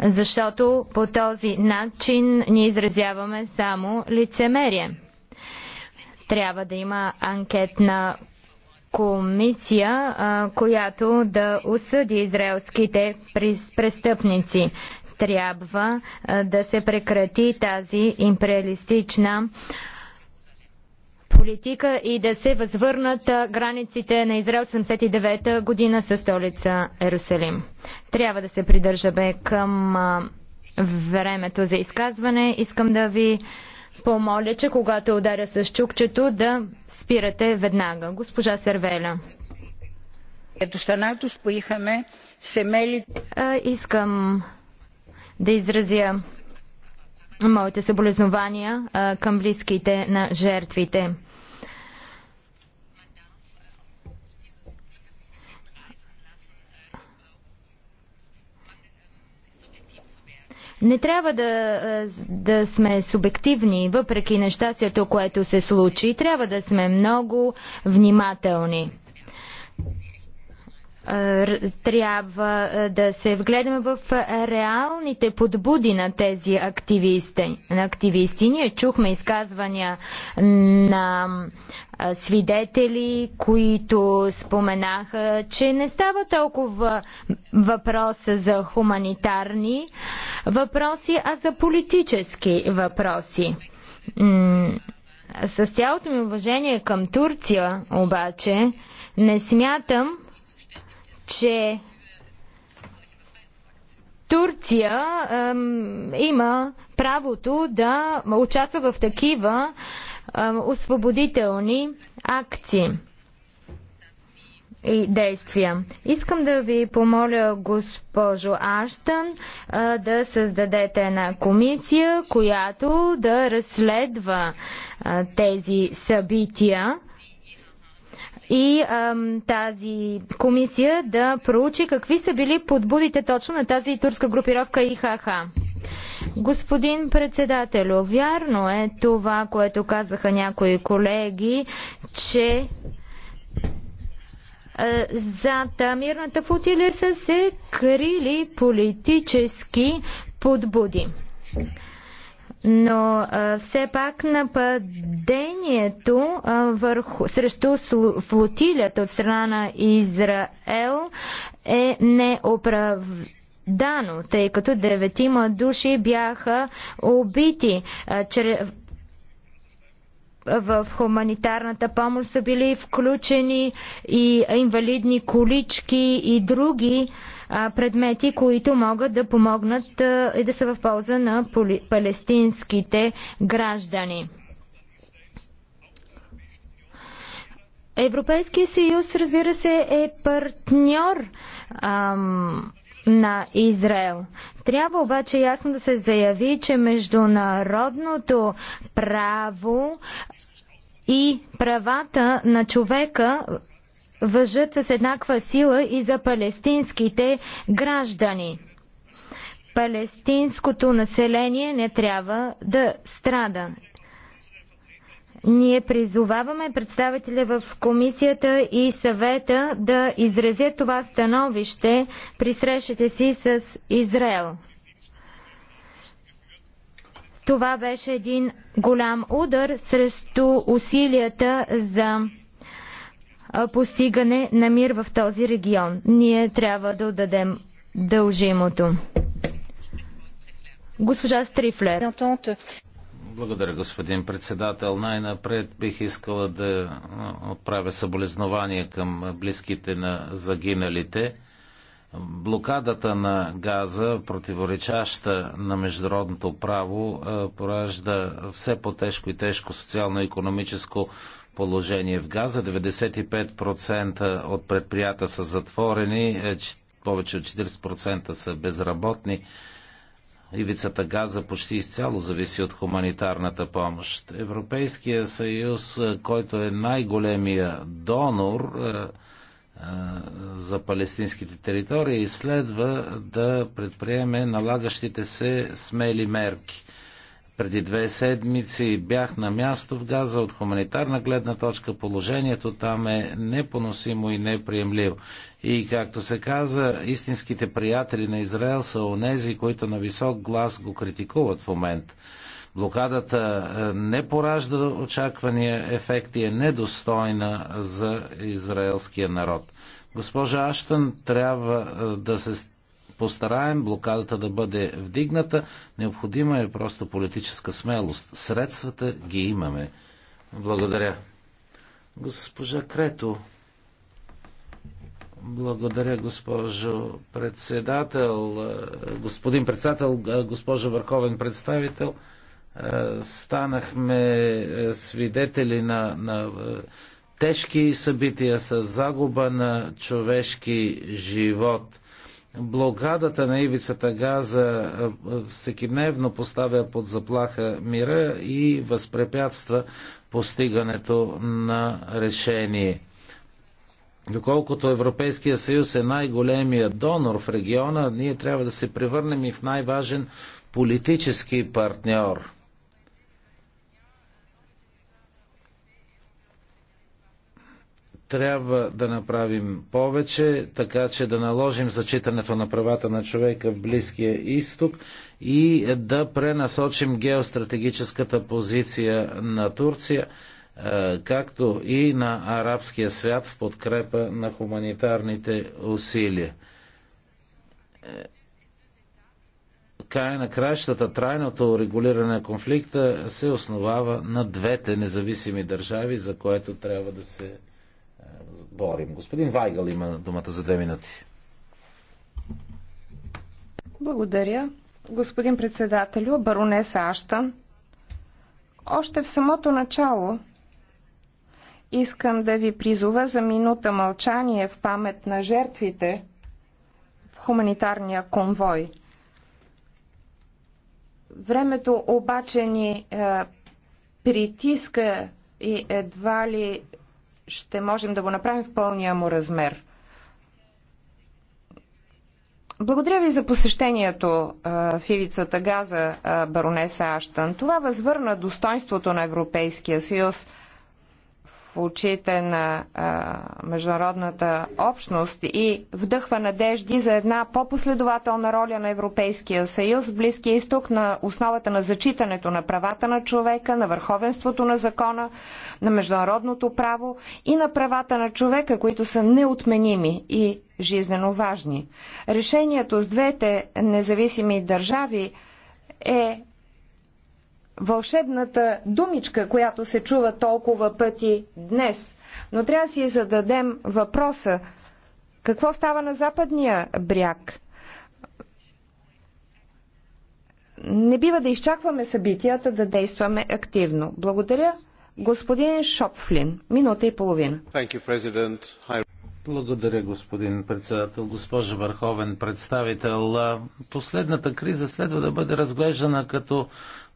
защото по този начин ни изразяваме само лицемерие. Трябва да има анкетна комисия, която да осъди израелските престъпници. Трябва да се прекрати тази империалистична политика и да се възвърнат границите на Израел 79-та година със столица Ерусалим. Трябва да се придържаме към времето за изказване. Искам да ви помоля, че когато ударя с чукчето, да спирате веднага. Госпожа Сервеля. Искам да изразя моите съболезнования към близките на жертвите. Не трябва да, да сме субективни, въпреки нещастието, което се случи. Трябва да сме много внимателни трябва да се вгледаме в реалните подбуди на тези активисти. На активисти. Ние чухме изказвания на свидетели, които споменаха, че не става толкова въпроса за хуманитарни въпроси, а за политически въпроси. С цялото ми уважение към Турция, обаче, не смятам, че Турция ем, има правото да участва в такива ем, освободителни акции и действия. Искам да ви помоля, госпожо Аштън, да създадете една комисия, която да разследва тези събития и ам, тази комисия да проучи какви са били подбудите точно на тази турска групировка ИХХ. Господин председателю, вярно е това, което казаха някои колеги, че зад мирната футилия са се крили политически подбуди но а, все пак нападението а, върху, срещу флотилията от страна на Израел е неоправдано, тъй като деветима души бяха убити а, чрез в хуманитарната помощ са били включени и инвалидни колички и други предмети, които могат да помогнат и да са в полза на палестинските граждани. Европейския съюз, разбира се, е партньор ам, на Израел. Трябва обаче ясно да се заяви, че международното право и правата на човека въжат с еднаква сила и за палестинските граждани. Палестинското население не трябва да страда ние призоваваме представителя в комисията и съвета да изразят това становище при срещите си с Израел. Това беше един голям удар срещу усилията за постигане на мир в този регион. Ние трябва да отдадем дължимото. Госпожа Стрифлер. Благодаря, господин председател. Най-напред бих искала да отправя съболезнования към близките на загиналите. Блокадата на газа, противоречаща на международното право, поражда все по-тежко и тежко социално-економическо положение в газа. 95% от предприята са затворени, е, повече от 40% са безработни Ивицата Газа почти изцяло зависи от хуманитарната помощ. Европейския съюз, е, който е най-големия донор е, е, за палестинските територии, следва да предприеме налагащите се смели мерки – преди две седмици бях на място в Газа от хуманитарна гледна точка. Положението там е непоносимо и неприемливо. И както се каза, истинските приятели на Израел са онези, които на висок глас го критикуват в момент. Блокадата е, не поражда очаквания ефект и е недостойна за израелския народ. Госпожа Аштън трябва е, да се постараем блокадата да бъде вдигната. Необходима е просто политическа смелост. Средствата ги имаме. Благодаря. Госпожа Крето. Благодаря, госпожо председател. Господин председател, госпожо върховен представител, станахме свидетели на, на тежки събития с загуба на човешки живот. Блокадата на ивицата Газа всекидневно поставя под заплаха мира и възпрепятства постигането на решение. Доколкото Европейския съюз е най-големия донор в региона, ние трябва да се превърнем и в най-важен политически партньор. трябва да направим повече, така че да наложим зачитането на правата на човека в Близкия изток и да пренасочим геостратегическата позиция на Турция, е, както и на арабския свят в подкрепа на хуманитарните усилия. Е, край на кращата, трайното урегулиране на конфликта се основава на двете независими държави, за което трябва да се борим. Господин Вайгъл има думата за две минути. Благодаря. Господин председателю, баронеса Аштан, още в самото начало искам да ви призова за минута мълчание в памет на жертвите в хуманитарния конвой. Времето обаче ни е, притиска и едва ли ще можем да го направим в пълния му размер. Благодаря ви за посещението в Ивицата Газа, баронеса Аштън. Това възвърна достоинството на Европейския съюз – очите на а, международната общност и вдъхва надежди за една по-последователна роля на Европейския съюз в Близкия изток на основата на зачитането на правата на човека, на върховенството на закона, на международното право и на правата на човека, които са неотменими и жизнено важни. Решението с двете независими държави е вълшебната думичка, която се чува толкова пъти днес. Но трябва да си зададем въпроса какво става на западния бряг. Не бива да изчакваме събитията, да действаме активно. Благодаря. Господин Шопфлин, минута и половина. Благодаря, господин председател. Госпожа Върховен представител, последната криза следва да бъде разглеждана като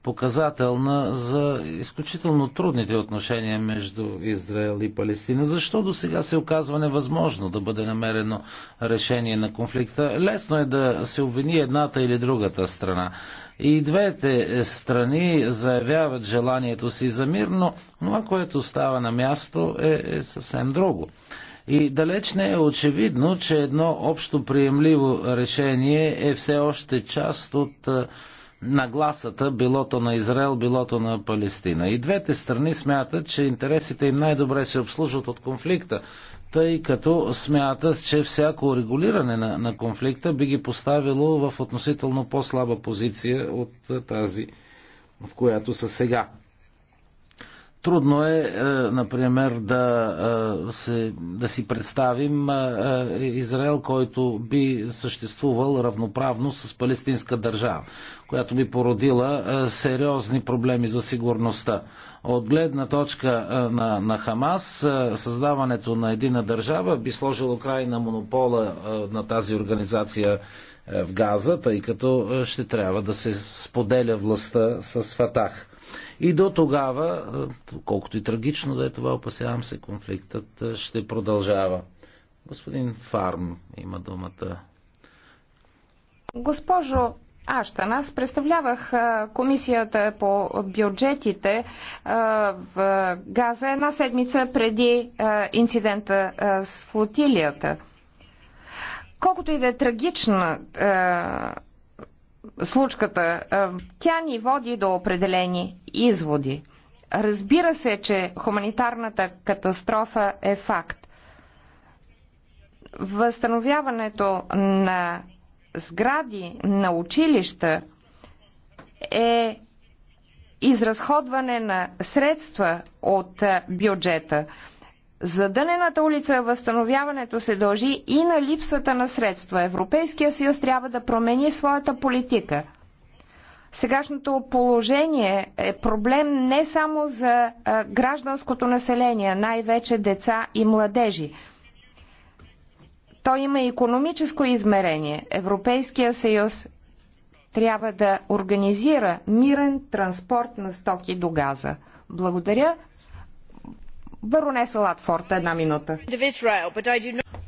показателна за изключително трудните отношения между Израел и Палестина. Защо до сега се оказва невъзможно да бъде намерено решение на конфликта? Лесно е да се обвини едната или другата страна. И двете страни заявяват желанието си за мир, но това, което става на място е, е съвсем друго. И далеч не е очевидно, че едно общо приемливо решение е все още част от нагласата, билото на Израел, билото на Палестина. И двете страни смятат, че интересите им най-добре се обслужват от конфликта, тъй като смятат, че всяко регулиране на, на конфликта би ги поставило в относително по-слаба позиция от тази, в която са сега. Трудно е, е, например, да, е, се, да си представим е, Израел, който би съществувал равноправно с палестинска държава, която би породила сериозни проблеми за сигурността. От гледна точка на, на Хамас, създаването на едина държава би сложило край на монопола на тази организация е, в Газа, тъй като е, ще трябва да се споделя властта с Фатах. И до тогава, е, колкото и трагично да е това, опасявам се, конфликтът ще продължава. Господин Фарм има думата. Госпожо Аштан, аз представлявах комисията по бюджетите в Газа една седмица преди инцидента с флотилията – Колкото и да е трагична е, случката, е, тя ни води до определени изводи. Разбира се, че хуманитарната катастрофа е факт. Възстановяването на сгради, на училища е изразходване на средства от е, бюджета задънената улица възстановяването се дължи и на липсата на средства. Европейския съюз трябва да промени своята политика. Сегашното положение е проблем не само за гражданското население, най-вече деца и младежи. Той има економическо измерение. Европейския съюз трябва да организира мирен транспорт на стоки до газа. Благодаря. Баронеса Латфорд, една минута.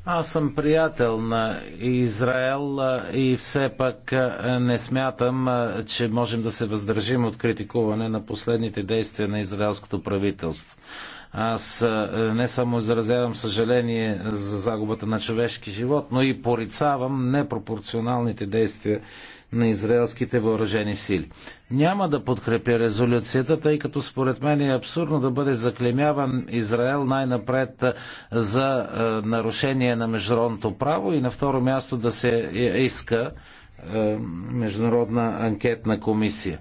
Аз съм приятел на Израел и все пак не смятам, че можем да се въздържим от критикуване на последните действия на израелското правителство. Аз не само изразявам съжаление за загубата на човешки живот, но и порицавам непропорционалните действия на израелските въоръжени сили. Няма да подкрепя резолюцията, тъй като според мен е абсурдно да бъде заклемяван Израел най-напред за нарушение на международното право и на второ място да се е, е, иска международна анкетна комисия.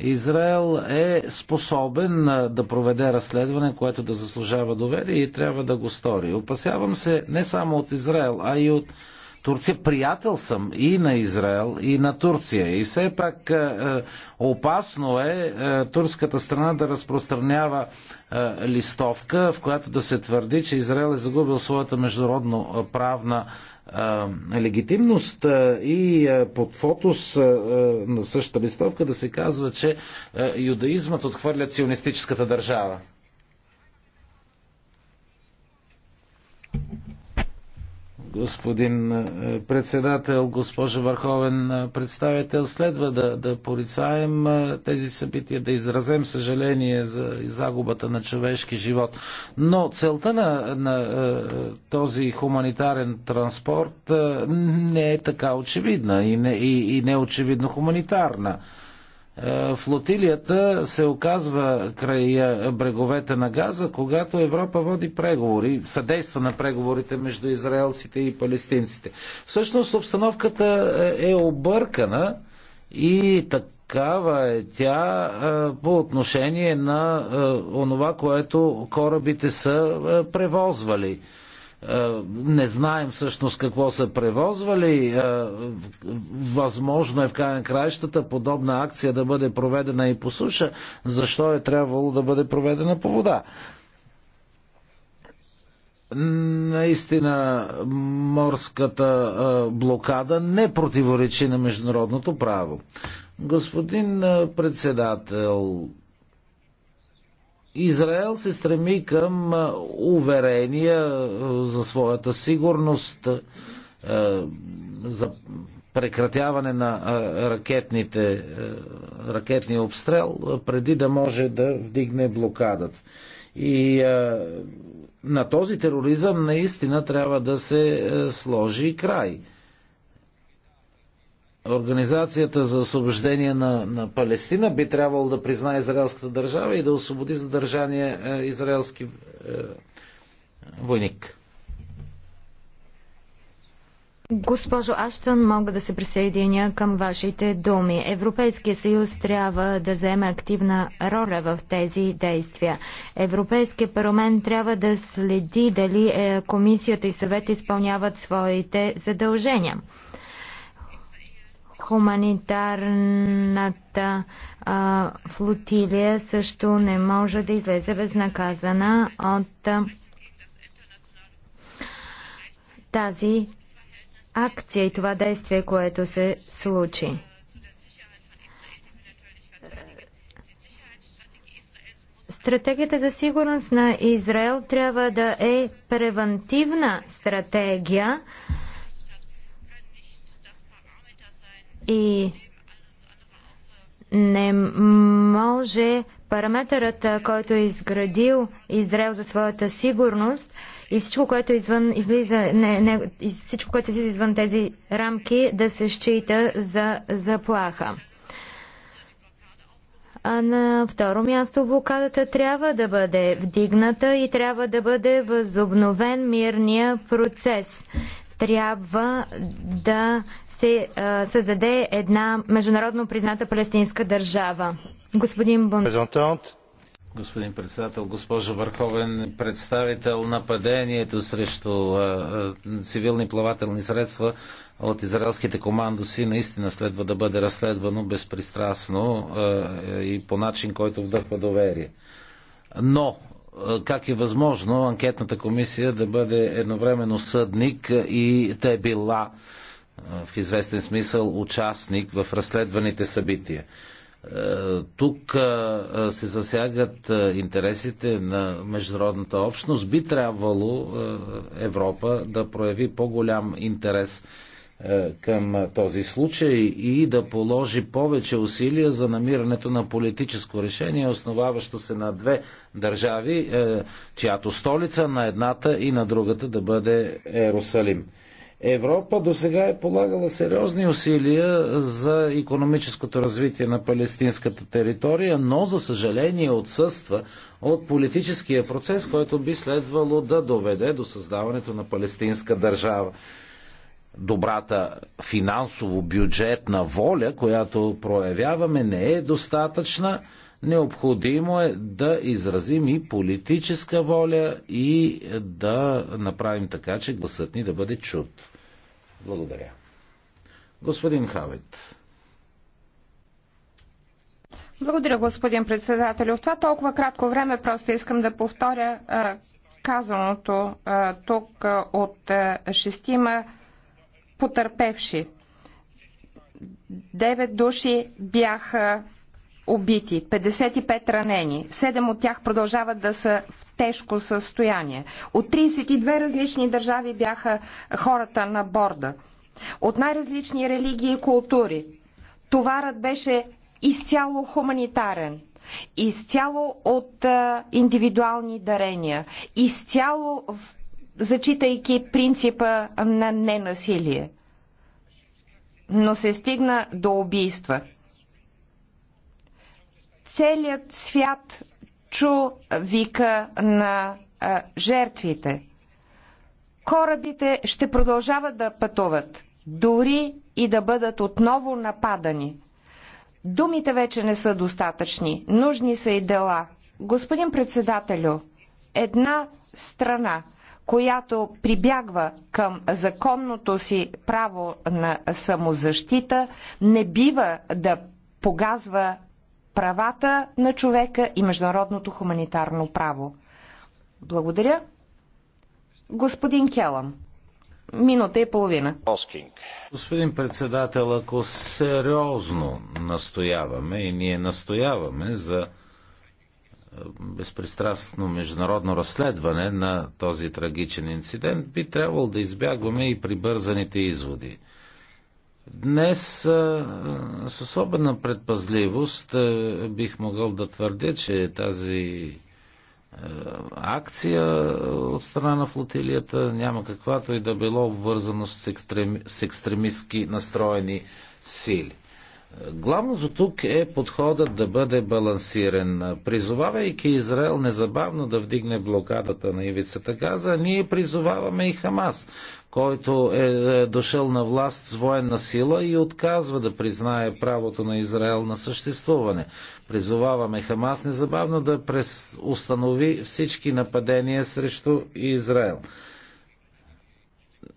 Израел е способен да проведе разследване, което да заслужава доверие и трябва да го стори. Опасявам се не само от Израел, а и от Турция. Приятел съм и на Израел, и на Турция. И все пак е, е, опасно е, е турската страна да разпространява листовка, в която да се твърди, че Израел е загубил своята международно правна легитимност и под фотос на същата листовка да се казва, че юдаизмът отхвърля ционистическата държава. господин е, председател, госпожо върховен е, представител. Следва да, да порицаем е, тези събития, да изразем съжаление за загубата на човешки живот. Но целта на, на този хуманитарен транспорт не е така очевидна и не, и, и не очевидно хуманитарна. Е, флотилията се оказва край е, бреговете на Газа, когато Европа води преговори, съдейства на преговорите между израелците и палестинците. Всъщност обстановката е, е объркана и такава е тя по отношение на онова, което корабите са превозвали. Е, не знаем всъщност какво са превозвали. Е, възможно е в край на краищата подобна акция да бъде проведена и по суша. Защо е трябвало да бъде проведена по вода? Наистина морската е, блокада не противоречи на международното право. Господин председател, Израел се стреми към уверения за своята сигурност, за прекратяване на ракетните, ракетния обстрел, преди да може да вдигне блокадът. И на този тероризъм наистина трябва да се сложи край. Организацията за освобождение на, на Палестина би трябвало да признае израелската държава и да освободи задържания е, израелски е, войник. Госпожо Аштън, мога да се присъединя към вашите думи. Европейския съюз трябва да вземе активна роля в тези действия. Европейския парламент трябва да следи дали е, комисията и съвет изпълняват своите задължения. Хуманитарната а, флотилия също не може да излезе безнаказана от а, тази акция и това действие, което се случи. Стратегията за сигурност на Израел трябва да е превентивна стратегия, и не може параметърът, който е изградил Израел за своята сигурност и всичко, което е извън, излиза, не, не, и всичко, което излиза извън тези рамки, да се счита за заплаха. А на второ място блокадата трябва да бъде вдигната и трябва да бъде възобновен мирния процес трябва да се а, създаде една международно призната палестинска държава. Господин Бун... Господин председател, госпожо Върховен представител, нападението срещу а, а, цивилни плавателни средства от израелските командоси наистина следва да бъде разследвано безпристрастно а, и по начин, който вдъхва доверие. Но как е възможно анкетната комисия да бъде едновременно съдник и да е била в известен смисъл участник в разследваните събития. Е, тук е, се засягат е, интересите на международната общност. Би трябвало Европа да прояви по-голям интерес е, към е, този случай и да положи повече усилия за намирането на политическо решение, основаващо се на две държави, е, чиято столица на едната и на другата да бъде Ерусалим. Европа до сега е полагала сериозни усилия за економическото развитие на палестинската територия, но за съжаление отсъства от политическия процес, който би следвало да доведе до създаването на палестинска държава добрата финансово-бюджетна воля, която проявяваме, не е достатъчна. Необходимо е да изразим и политическа воля и да направим така, че гласът ни да бъде чут. Благодаря. Господин Хавет. Благодаря, господин председател. В това толкова кратко време просто искам да повторя казаното тук от шестима потърпевши. Девет души бяха убити, 55 ранени. 7 от тях продължават да са в тежко състояние. От 32 различни държави бяха хората на борда. От най-различни религии и култури. Товарът беше изцяло хуманитарен, изцяло от а, индивидуални дарения, изцяло в зачитайки принципа на ненасилие. Но се стигна до убийства. Целият свят чу вика на а, жертвите. Корабите ще продължават да пътуват, дори и да бъдат отново нападани. Думите вече не са достатъчни. Нужни са и дела. Господин председателю, една страна – която прибягва към законното си право на самозащита, не бива да погазва правата на човека и международното хуманитарно право. Благодаря. Господин Келам. Минута и половина. Господин председател, ако сериозно настояваме и ние настояваме за безпристрастно международно разследване на този трагичен инцидент, би трябвало да избягваме и прибързаните изводи. Днес с особена предпазливост бих могъл да твърдя, че тази акция от страна на флотилията няма каквато и да било обвързаност с екстремистски настроени сили. Главното тук е подходът да бъде балансиран. Призовавайки Израел незабавно да вдигне блокадата на ивицата Газа, ние призоваваме и Хамас, който е, е дошъл на власт с военна сила и отказва да признае правото на Израел на съществуване. Призоваваме Хамас незабавно да установи всички нападения срещу Израел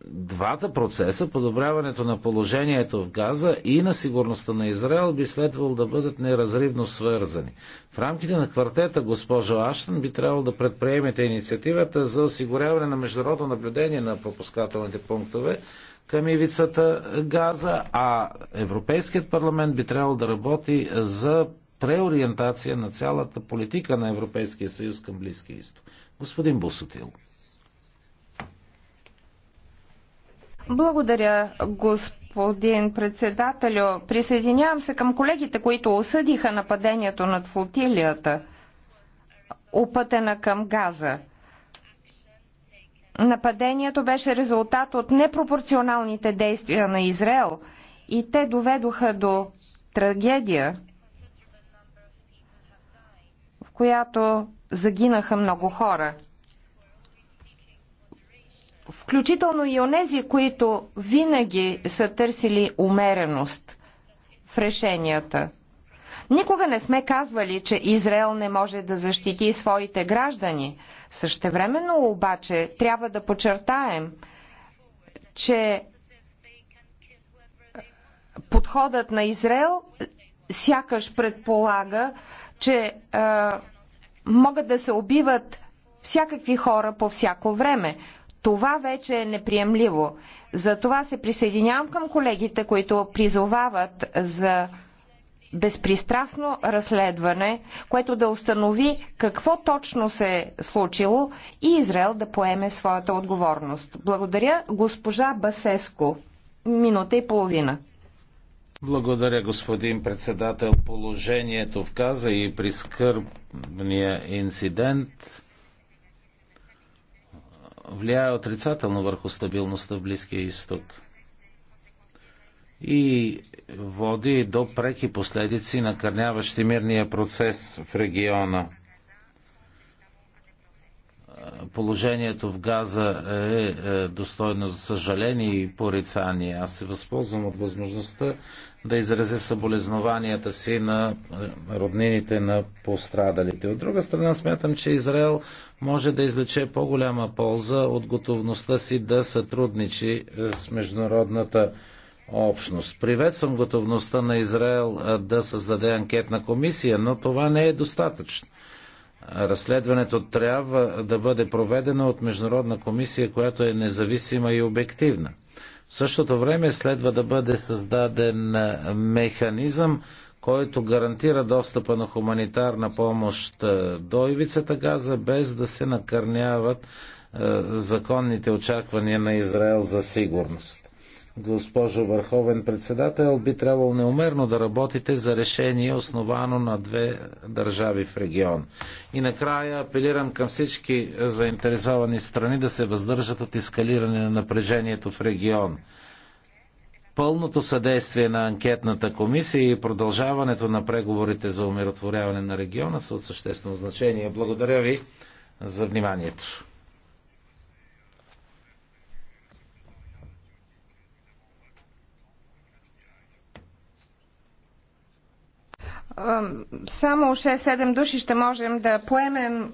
двата процеса, подобряването на положението в Газа и на сигурността на Израел би следвало да бъдат неразривно свързани. В рамките на квартета, госпожо Аштън, би трябвало да предприемете инициативата за осигуряване на международно наблюдение на пропускателните пунктове към ивицата Газа, а Европейският парламент би трябвало да работи за преориентация на цялата политика на Европейския съюз към Близкия изток. Господин Бусотил. Благодаря, господин председателю. Присъединявам се към колегите, които осъдиха нападението над флотилията, опътена към Газа. Нападението беше резултат от непропорционалните действия на Израел и те доведоха до трагедия, в която загинаха много хора включително и онези, които винаги са търсили умереност в решенията. Никога не сме казвали, че Израел не може да защити своите граждани. Същевременно обаче трябва да подчертаем, че подходът на Израел сякаш предполага, че е, могат да се убиват всякакви хора по всяко време. Това вече е неприемливо. Затова се присъединявам към колегите, които призовават за безпристрастно разследване, което да установи какво точно се е случило и Израел да поеме своята отговорност. Благодаря госпожа Басеско. Минута и половина. Благодаря, господин председател. Положението в Каза и при скърбния инцидент влияе отрицателно върху стабилността в Близкия изток и води до преки последици, накърняващи мирния процес в региона – положението в Газа е, е достойно за съжаление и порицание. Аз се възползвам от възможността да изразя съболезнованията си на е, роднините на пострадалите. От друга страна смятам, че Израел може да излече по-голяма полза от готовността си да сътрудничи е, с международната общност. Приветствам готовността на Израел да създаде анкетна комисия, но това не е достатъчно Разследването трябва да бъде проведено от Международна комисия, която е независима и обективна. В същото време следва да бъде създаден механизъм, който гарантира достъпа на хуманитарна помощ до ивицата Газа, без да се накърняват законните очаквания на Израел за сигурност госпожо Върховен председател, би трябвало неумерно да работите за решение, основано на две държави в регион. И накрая апелирам към всички заинтересовани страни да се въздържат от ескалиране на напрежението в регион. Пълното съдействие на анкетната комисия и продължаването на преговорите за умиротворяване на региона са от съществено значение. Благодаря ви за вниманието. само 6-7 души ще можем да поемем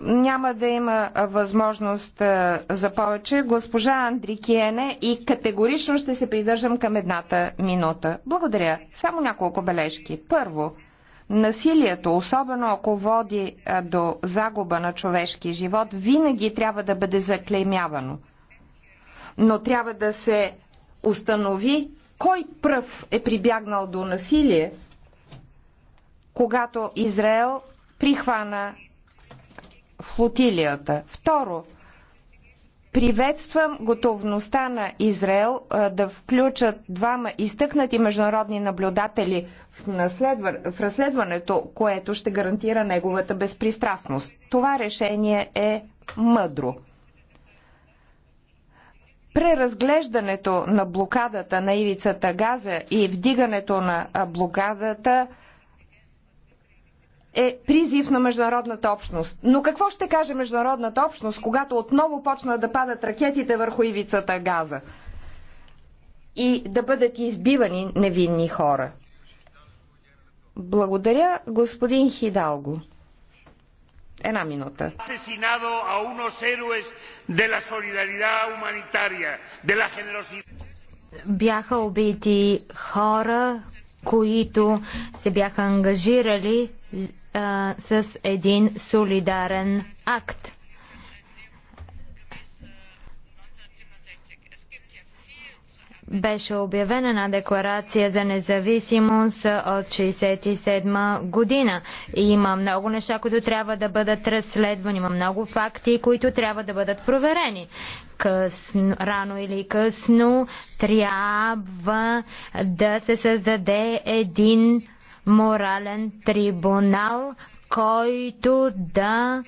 няма да има възможност за повече. Госпожа Андрикиене и категорично ще се придържам към едната минута. Благодаря. Само няколко бележки. Първо, насилието, особено ако води до загуба на човешки живот, винаги трябва да бъде заклеймявано. Но трябва да се установи кой пръв е прибягнал до насилие, когато Израел прихвана флотилията. Второ, приветствам готовността на Израел да включат двама изтъкнати международни наблюдатели в, наследва... в разследването, което ще гарантира неговата безпристрастност. Това решение е мъдро преразглеждането на блокадата на ивицата Газа и вдигането на блокадата е призив на международната общност. Но какво ще каже международната общност, когато отново почна да падат ракетите върху ивицата Газа и да бъдат избивани невинни хора? Благодаря, господин Хидалго. Една минута. Бяха убити хора, които се бяха ангажирали а, с един солидарен акт. беше обявена на декларация за независимост от 1967 година. И има много неща, които трябва да бъдат разследвани, има много факти, които трябва да бъдат проверени. Късно, рано или късно трябва да се създаде един морален трибунал, който да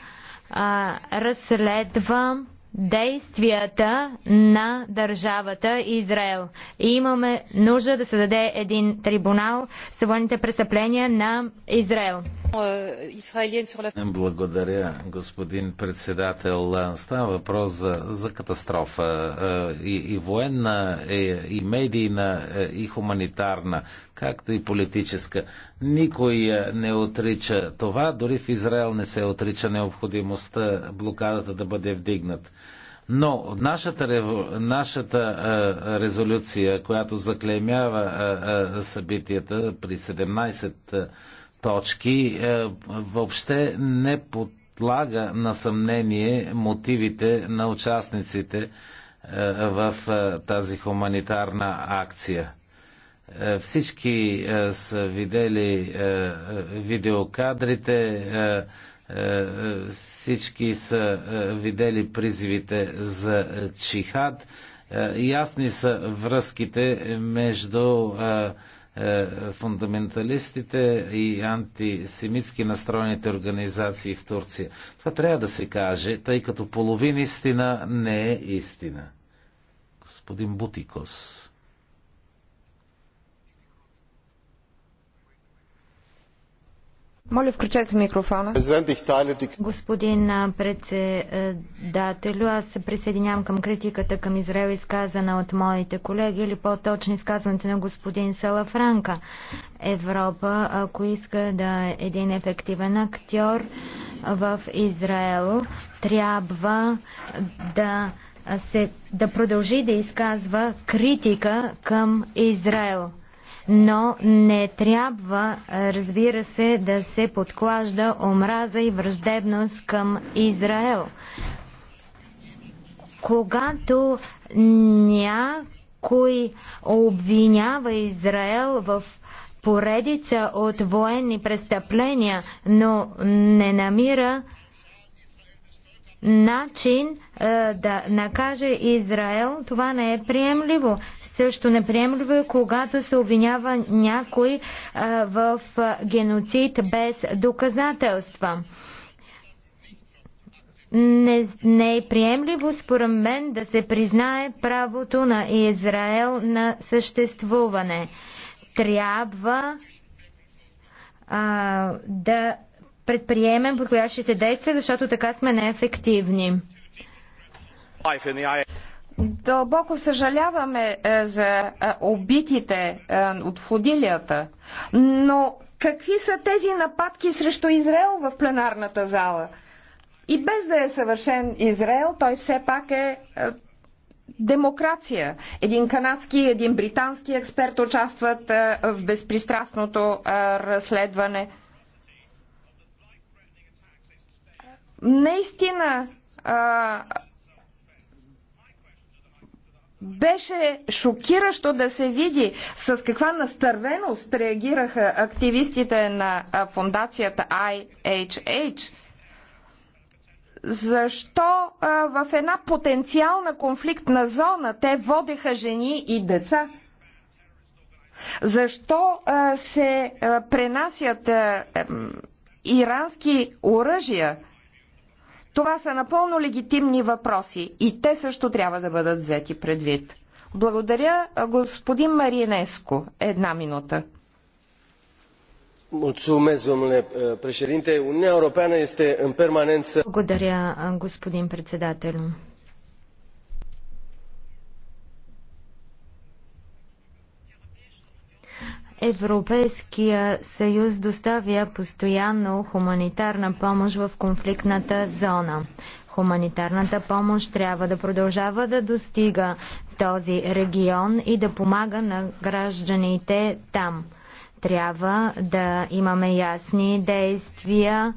а, разследва действията на държавата Израел. И имаме нужда да се даде един трибунал за военните престъпления на Израел. Е, Благодаря, господин председател. Става въпрос за, за катастрофа е, и, и военна, и, е, и медийна, и хуманитарна, както и политическа. Никой не отрича това, дори в Израел не се отрича необходимостта блокадата да бъде вдигнат. Но нашата, нашата а, резолюция, която заклеймява а, а, събитията при 17 точки е, въобще не подлага на съмнение мотивите на участниците е, в е, тази хуманитарна акция. Всички са видели видеокадрите, всички са видели призивите за чихад. Ясни са връзките между е, фундаменталистите и антисемитски настроените организации в Турция. Това трябва да се каже, тъй като половин истина не е истина. Господин Бутикос. Моля, включете микрофона. Господин председателю, аз се присъединявам към критиката към Израел, изказана от моите колеги, или по-точно изказването на господин Салафранка. Европа, ако иска да е един ефективен актьор в Израел, трябва да се, да продължи да изказва критика към Израел но не трябва, разбира се, да се подклажда омраза и враждебност към Израел. Когато някой обвинява Израел в поредица от военни престъпления, но не намира начин а, е, да накаже Израел, това не е приемливо. Също неприемливо е, когато се обвинява някой а, е, в геноцид без доказателства. Не, не е приемливо, според мен, да се признае правото на Израел на съществуване. Трябва а, да предприемем подходящите действия, защото така сме неефективни. Дълбоко съжаляваме е, за е, убитите е, от флодилията, но какви са тези нападки срещу Израел в пленарната зала? И без да е съвършен Израел, той все пак е демокрация. Един канадски един британски експерт участват в безпристрастното разследване. наистина а, беше шокиращо да се види с каква настървеност реагираха активистите на фундацията IHH. Защо а, в една потенциална конфликтна зона те водеха жени и деца? Защо а, се а, пренасят а, ирански оръжия? Това са напълно легитимни въпроси и те също трябва да бъдат взети предвид. Благодаря, господин Маринеско. Една минута. Е, Благодаря, господин председател. Европейския съюз доставя постоянно хуманитарна помощ в конфликтната зона. Хуманитарната помощ трябва да продължава да достига този регион и да помага на гражданите там. Трябва да имаме ясни действия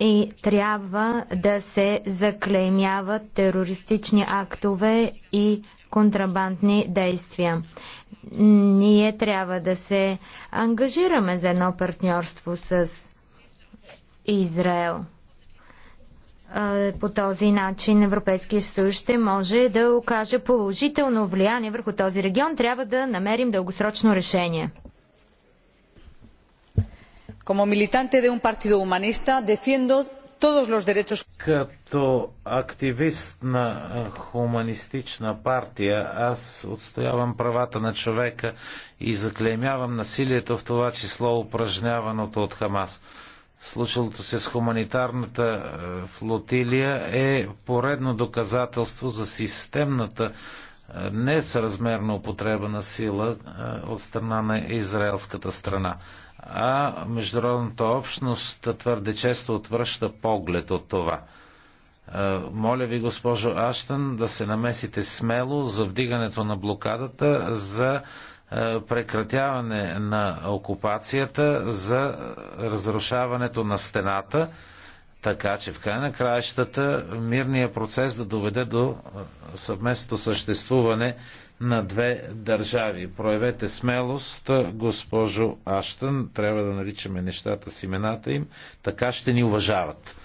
и трябва да се заклеймяват терористични актове и контрабандни действия. Ние трябва да се ангажираме за едно партньорство с Израел. По този начин Европейския съюз ще може да окаже положително влияние върху този регион. Трябва да намерим дългосрочно решение. Como militante de un partido humanista, defiendo todos los derechos. Като активист на хуманистична партия, аз отстоявам правата на човека и заклеймявам насилието, в това число упражняваното от Хамас. Случилото се с хуманитарната флотилия е поредно доказателство за системната несъразмерна употреба на сила от страна на израелската страна а международната общност твърде често отвръща поглед от това. Моля ви, госпожо Аштън, да се намесите смело за вдигането на блокадата, за прекратяване на окупацията, за разрушаването на стената, така че в край на краищата мирният процес да доведе до съвместното съществуване на две държави. Проявете смелост, госпожо Аштън. Трябва да наричаме нещата с имената им. Така ще ни уважават.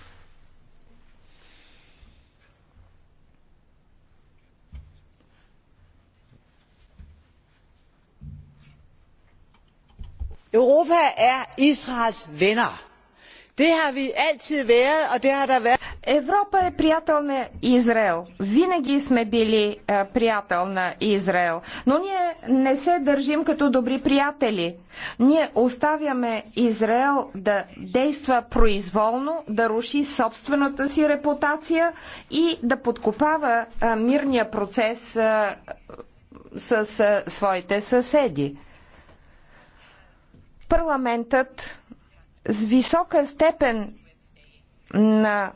Europa er Israels venner. Det har vi altid været, og det har der været. Европа е приятел на Израел. Винаги сме били е, приятел на Израел. Но ние не се държим като добри приятели. Ние оставяме Израел да действа произволно, да руши собствената си репутация и да подкопава е, мирния процес е, с е, своите съседи. Парламентът с висока степен на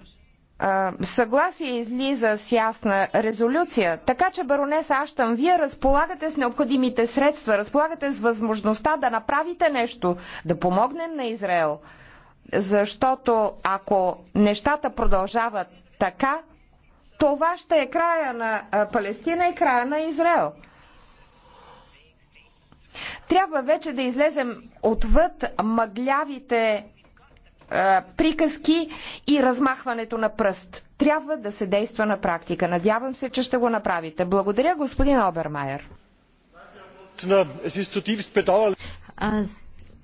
съгласие излиза с ясна резолюция. Така че, баронес Аштан, вие разполагате с необходимите средства, разполагате с възможността да направите нещо, да помогнем на Израел. Защото ако нещата продължават така, това ще е края на Палестина и края на Израел. Трябва вече да излезем отвъд мъглявите е, приказки и размахването на пръст. Трябва да се действа на практика. Надявам се, че ще го направите. Благодаря, господин Обермайер.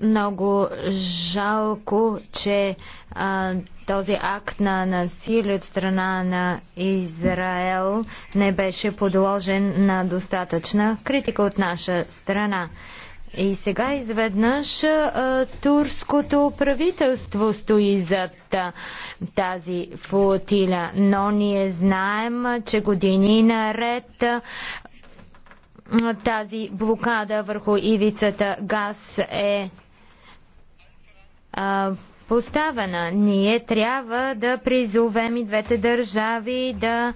Много жалко, че а, този акт на насилие от страна на Израел не беше подложен на достатъчна критика от наша страна. И сега изведнъж а, турското правителство стои зад а, тази флотиля, но ние знаем, че години наред тази блокада върху ивицата газ е поставена. Ние трябва да призовем и двете държави да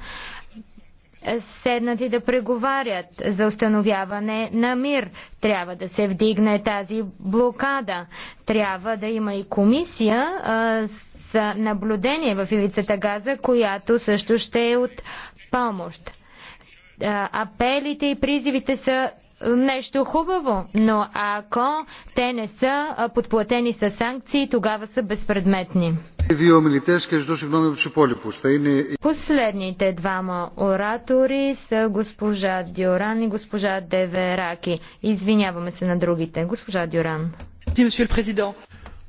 седнат и да преговарят за установяване на мир. Трябва да се вдигне тази блокада. Трябва да има и комисия а, наблюдение в ивицата Газа, която също ще е от помощ. А, апелите и призивите са нещо хубаво, но ако те не са подплатени с санкции, тогава са безпредметни. Последните двама оратори са госпожа Дюран и госпожа Девераки. Извиняваме се на другите. Госпожа Дюран.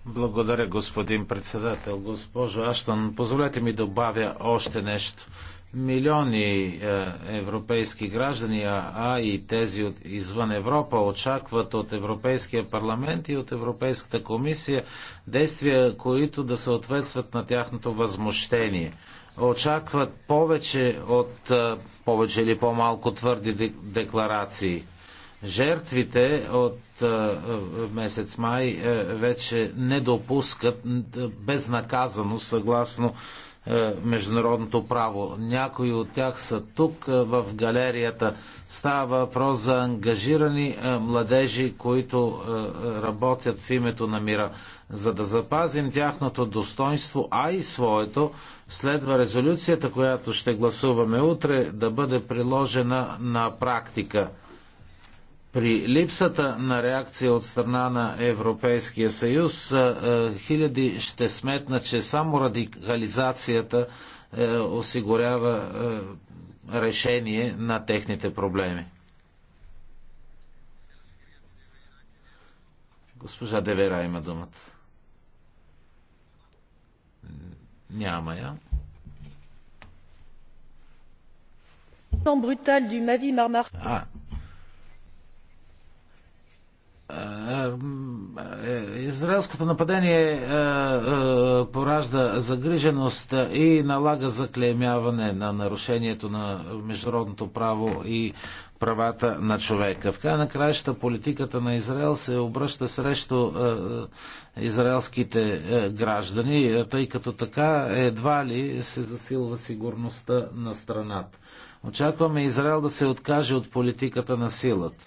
Благодаря, господин председател. Госпожо Аштан, позволете ми да добавя още нещо. Милиони е, европейски граждани, а и тези от извън Европа, очакват от Европейския парламент и от Европейската комисия действия, които да съответстват на тяхното възмущение. Очакват повече от е, повече или по-малко твърди декларации. Жертвите от е, месец май вече не допускат безнаказано, съгласно е, международното право. Някои от тях са тук е, в галерията. Става въпрос за ангажирани е, младежи, които работят в името на мира. За да запазим тяхното достоинство, а и своето, следва резолюцията, която ще гласуваме утре, да бъде приложена на практика. При липсата на реакция от страна на Европейския съюз, хиляди ще сметна, че само радикализацията осигурява решение на техните проблеми. Госпожа Девера има думата. Няма я. А, е, е, израелското нападение е, поражда загриженост и налага заклеймяване на нарушението на международното право и правата на човека. В край на краища политиката на Израел се обръща срещу израелските граждани, тъй като така едва ли се засилва сигурността на страната. Очакваме Израел да се откаже от политиката на силата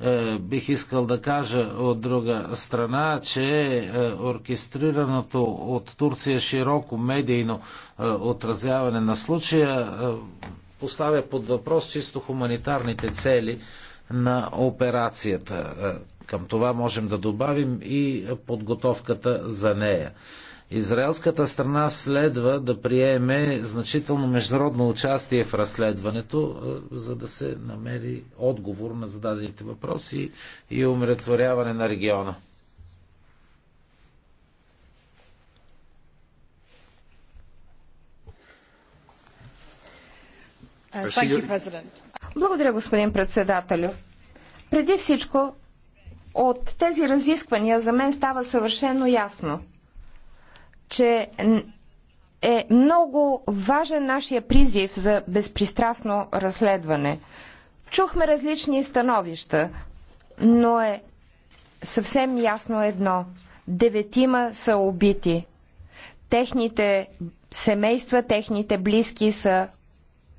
е, бих искал да кажа от друга страна, че е, оркестрираното от Турция широко медийно е, отразяване на случая поставя под въпрос чисто хуманитарните цели на операцията. Към това можем да добавим и подготовката за нея. Израелската страна следва да приеме значително международно участие в разследването, е, за да се намери отговор на зададените въпроси и умиротворяване на региона. Е, Благодаря, господин председателю. Преди всичко, от тези разисквания за мен става съвършено ясно – че е много важен нашия призив за безпристрастно разследване. Чухме различни становища, но е съвсем ясно едно. Деветима са убити. Техните семейства, техните близки са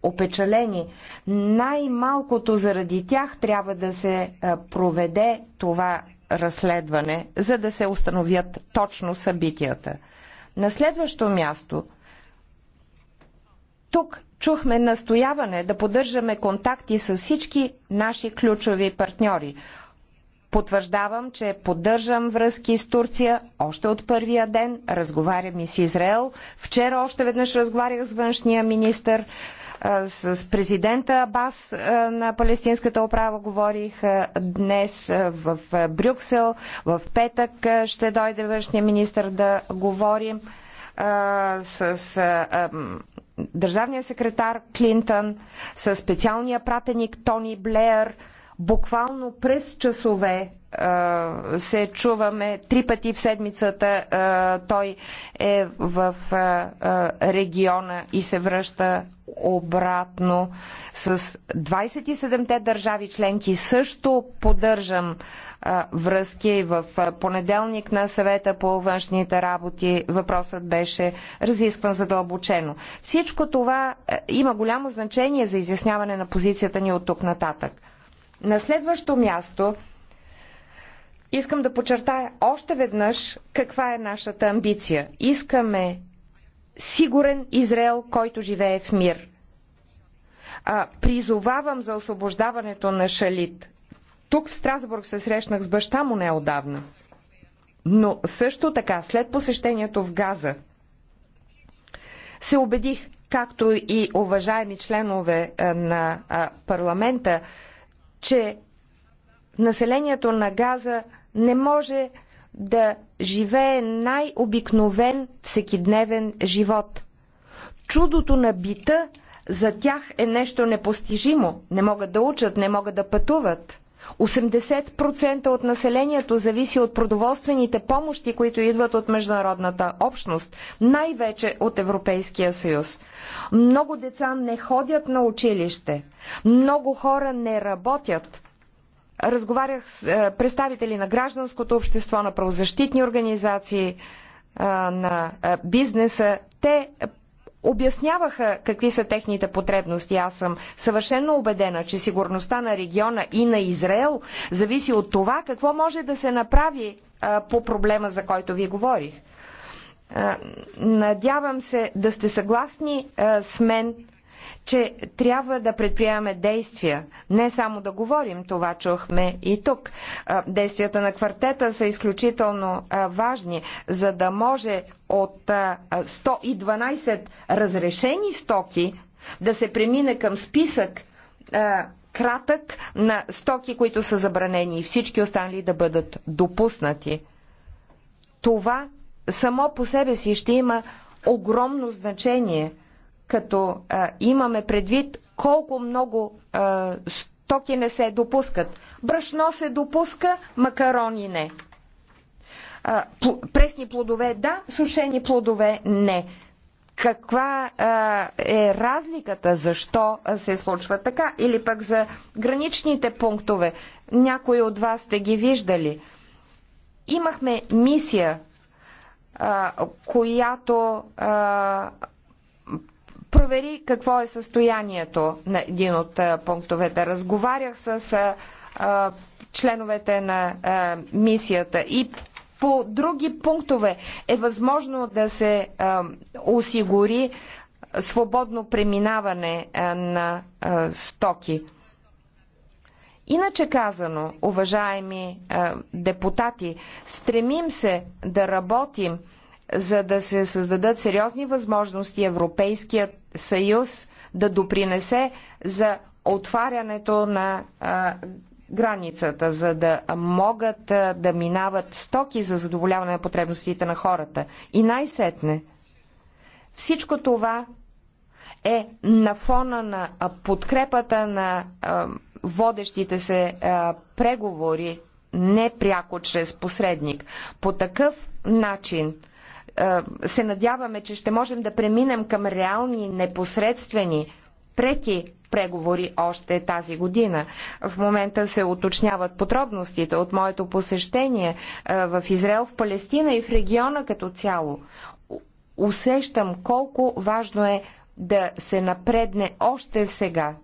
опечалени. Най-малкото заради тях трябва да се проведе това разследване, за да се установят точно събитията. На следващо място, тук чухме настояване да поддържаме контакти с всички наши ключови партньори. Потвърждавам, че поддържам връзки с Турция още от първия ден. Разговарям и с Израел. Вчера още веднъж разговарях с външния министр с президента Абас на палестинската оправа говорих днес в Брюксел. В петък ще дойде външния министр да говорим с държавния секретар Клинтън, с специалния пратеник Тони Блеер, буквално през часове се чуваме три пъти в седмицата. Той е в региона и се връща обратно. С 27-те държави членки също поддържам връзки. В понеделник на съвета по външните работи въпросът беше разискван задълбочено. Всичко това има голямо значение за изясняване на позицията ни от тук нататък. На следващо място Искам да подчертая още веднъж каква е нашата амбиция. Искаме сигурен Израел, който живее в мир. А, призовавам за освобождаването на Шалит. Тук в Страсбург се срещнах с баща му неодавна. Но също така, след посещението в Газа, се убедих, както и уважаеми членове на парламента, че населението на Газа не може да живее най-обикновен всекидневен живот. Чудото на бита за тях е нещо непостижимо. Не могат да учат, не могат да пътуват. 80% от населението зависи от продоволствените помощи, които идват от международната общност, най-вече от Европейския съюз. Много деца не ходят на училище, много хора не работят, Разговарях с е, представители на гражданското общество, на правозащитни организации, е, на е, бизнеса. Те обясняваха какви са техните потребности. Аз съм съвършенно убедена, че сигурността на региона и на Израел зависи от това какво може да се направи по проблема, за който ви говорих. Надявам се да сте съгласни с мен, че трябва да предприемаме действия, не само да говорим, това чухме и тук. Действията на квартета са изключително важни, за да може от 112 разрешени стоки да се премине към списък кратък на стоки, които са забранени и всички останали да бъдат допуснати. Това само по себе си ще има огромно значение – като а, имаме предвид колко много а, стоки не се допускат. Брашно се допуска, макарони не. А, пресни плодове да, сушени плодове не. Каква а, е разликата, защо се случва така? Или пък за граничните пунктове. Някои от вас сте ги виждали. Имахме мисия, а, която а, провери какво е състоянието на един от пунктовете. Разговарях с членовете на мисията и по други пунктове е възможно да се осигури свободно преминаване на стоки. Иначе казано, уважаеми депутати, стремим се да работим за да се създадат сериозни възможности Европейският съюз да допринесе за отварянето на а, границата, за да могат а, да минават стоки за задоволяване на потребностите на хората. И най-сетне, всичко това е на фона на подкрепата на а, водещите се а, преговори, не пряко чрез посредник. По такъв начин, се надяваме, че ще можем да преминем към реални, непосредствени, преки преговори още тази година. В момента се уточняват подробностите от моето посещение в Израел, в Палестина и в региона като цяло. Усещам колко важно е да се напредне още сега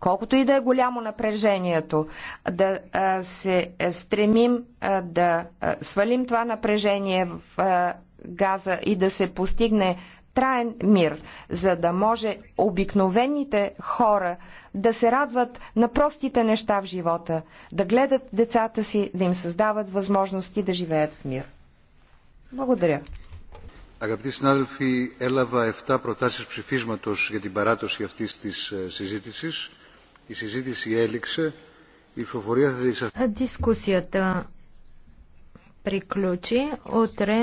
колкото и да е голямо напрежението, да се стремим да свалим това напрежение в Газа и да се постигне траен мир, за да може обикновените хора да се радват на простите неща в живота, да гледат децата си, да им създават възможности да живеят в мир. Благодаря. Αγαπητοί συνάδελφοι, έλαβα 7 προτάσεις ψηφίσματος για την παράτωση αυτής της συζήτησης. Η συζήτηση έληξε. Η ψηφοφορία θα διεξαχθεί. Дискусията приключи. Утре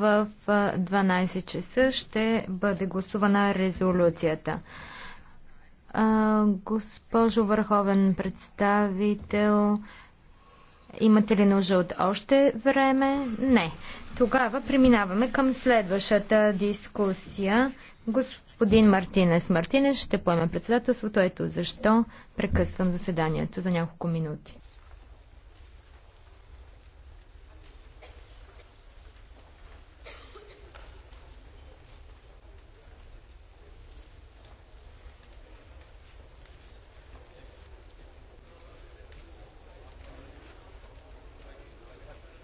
в 12 часа ще бъде гласувана резолюцията. Госпожо Върховен представител, Имате ли нужда от още време? Не. Тогава преминаваме към следващата дискусия. Господин Господин Мартинес Мартинес ще поеме председателството. Ето защо прекъсвам заседанието за няколко минути.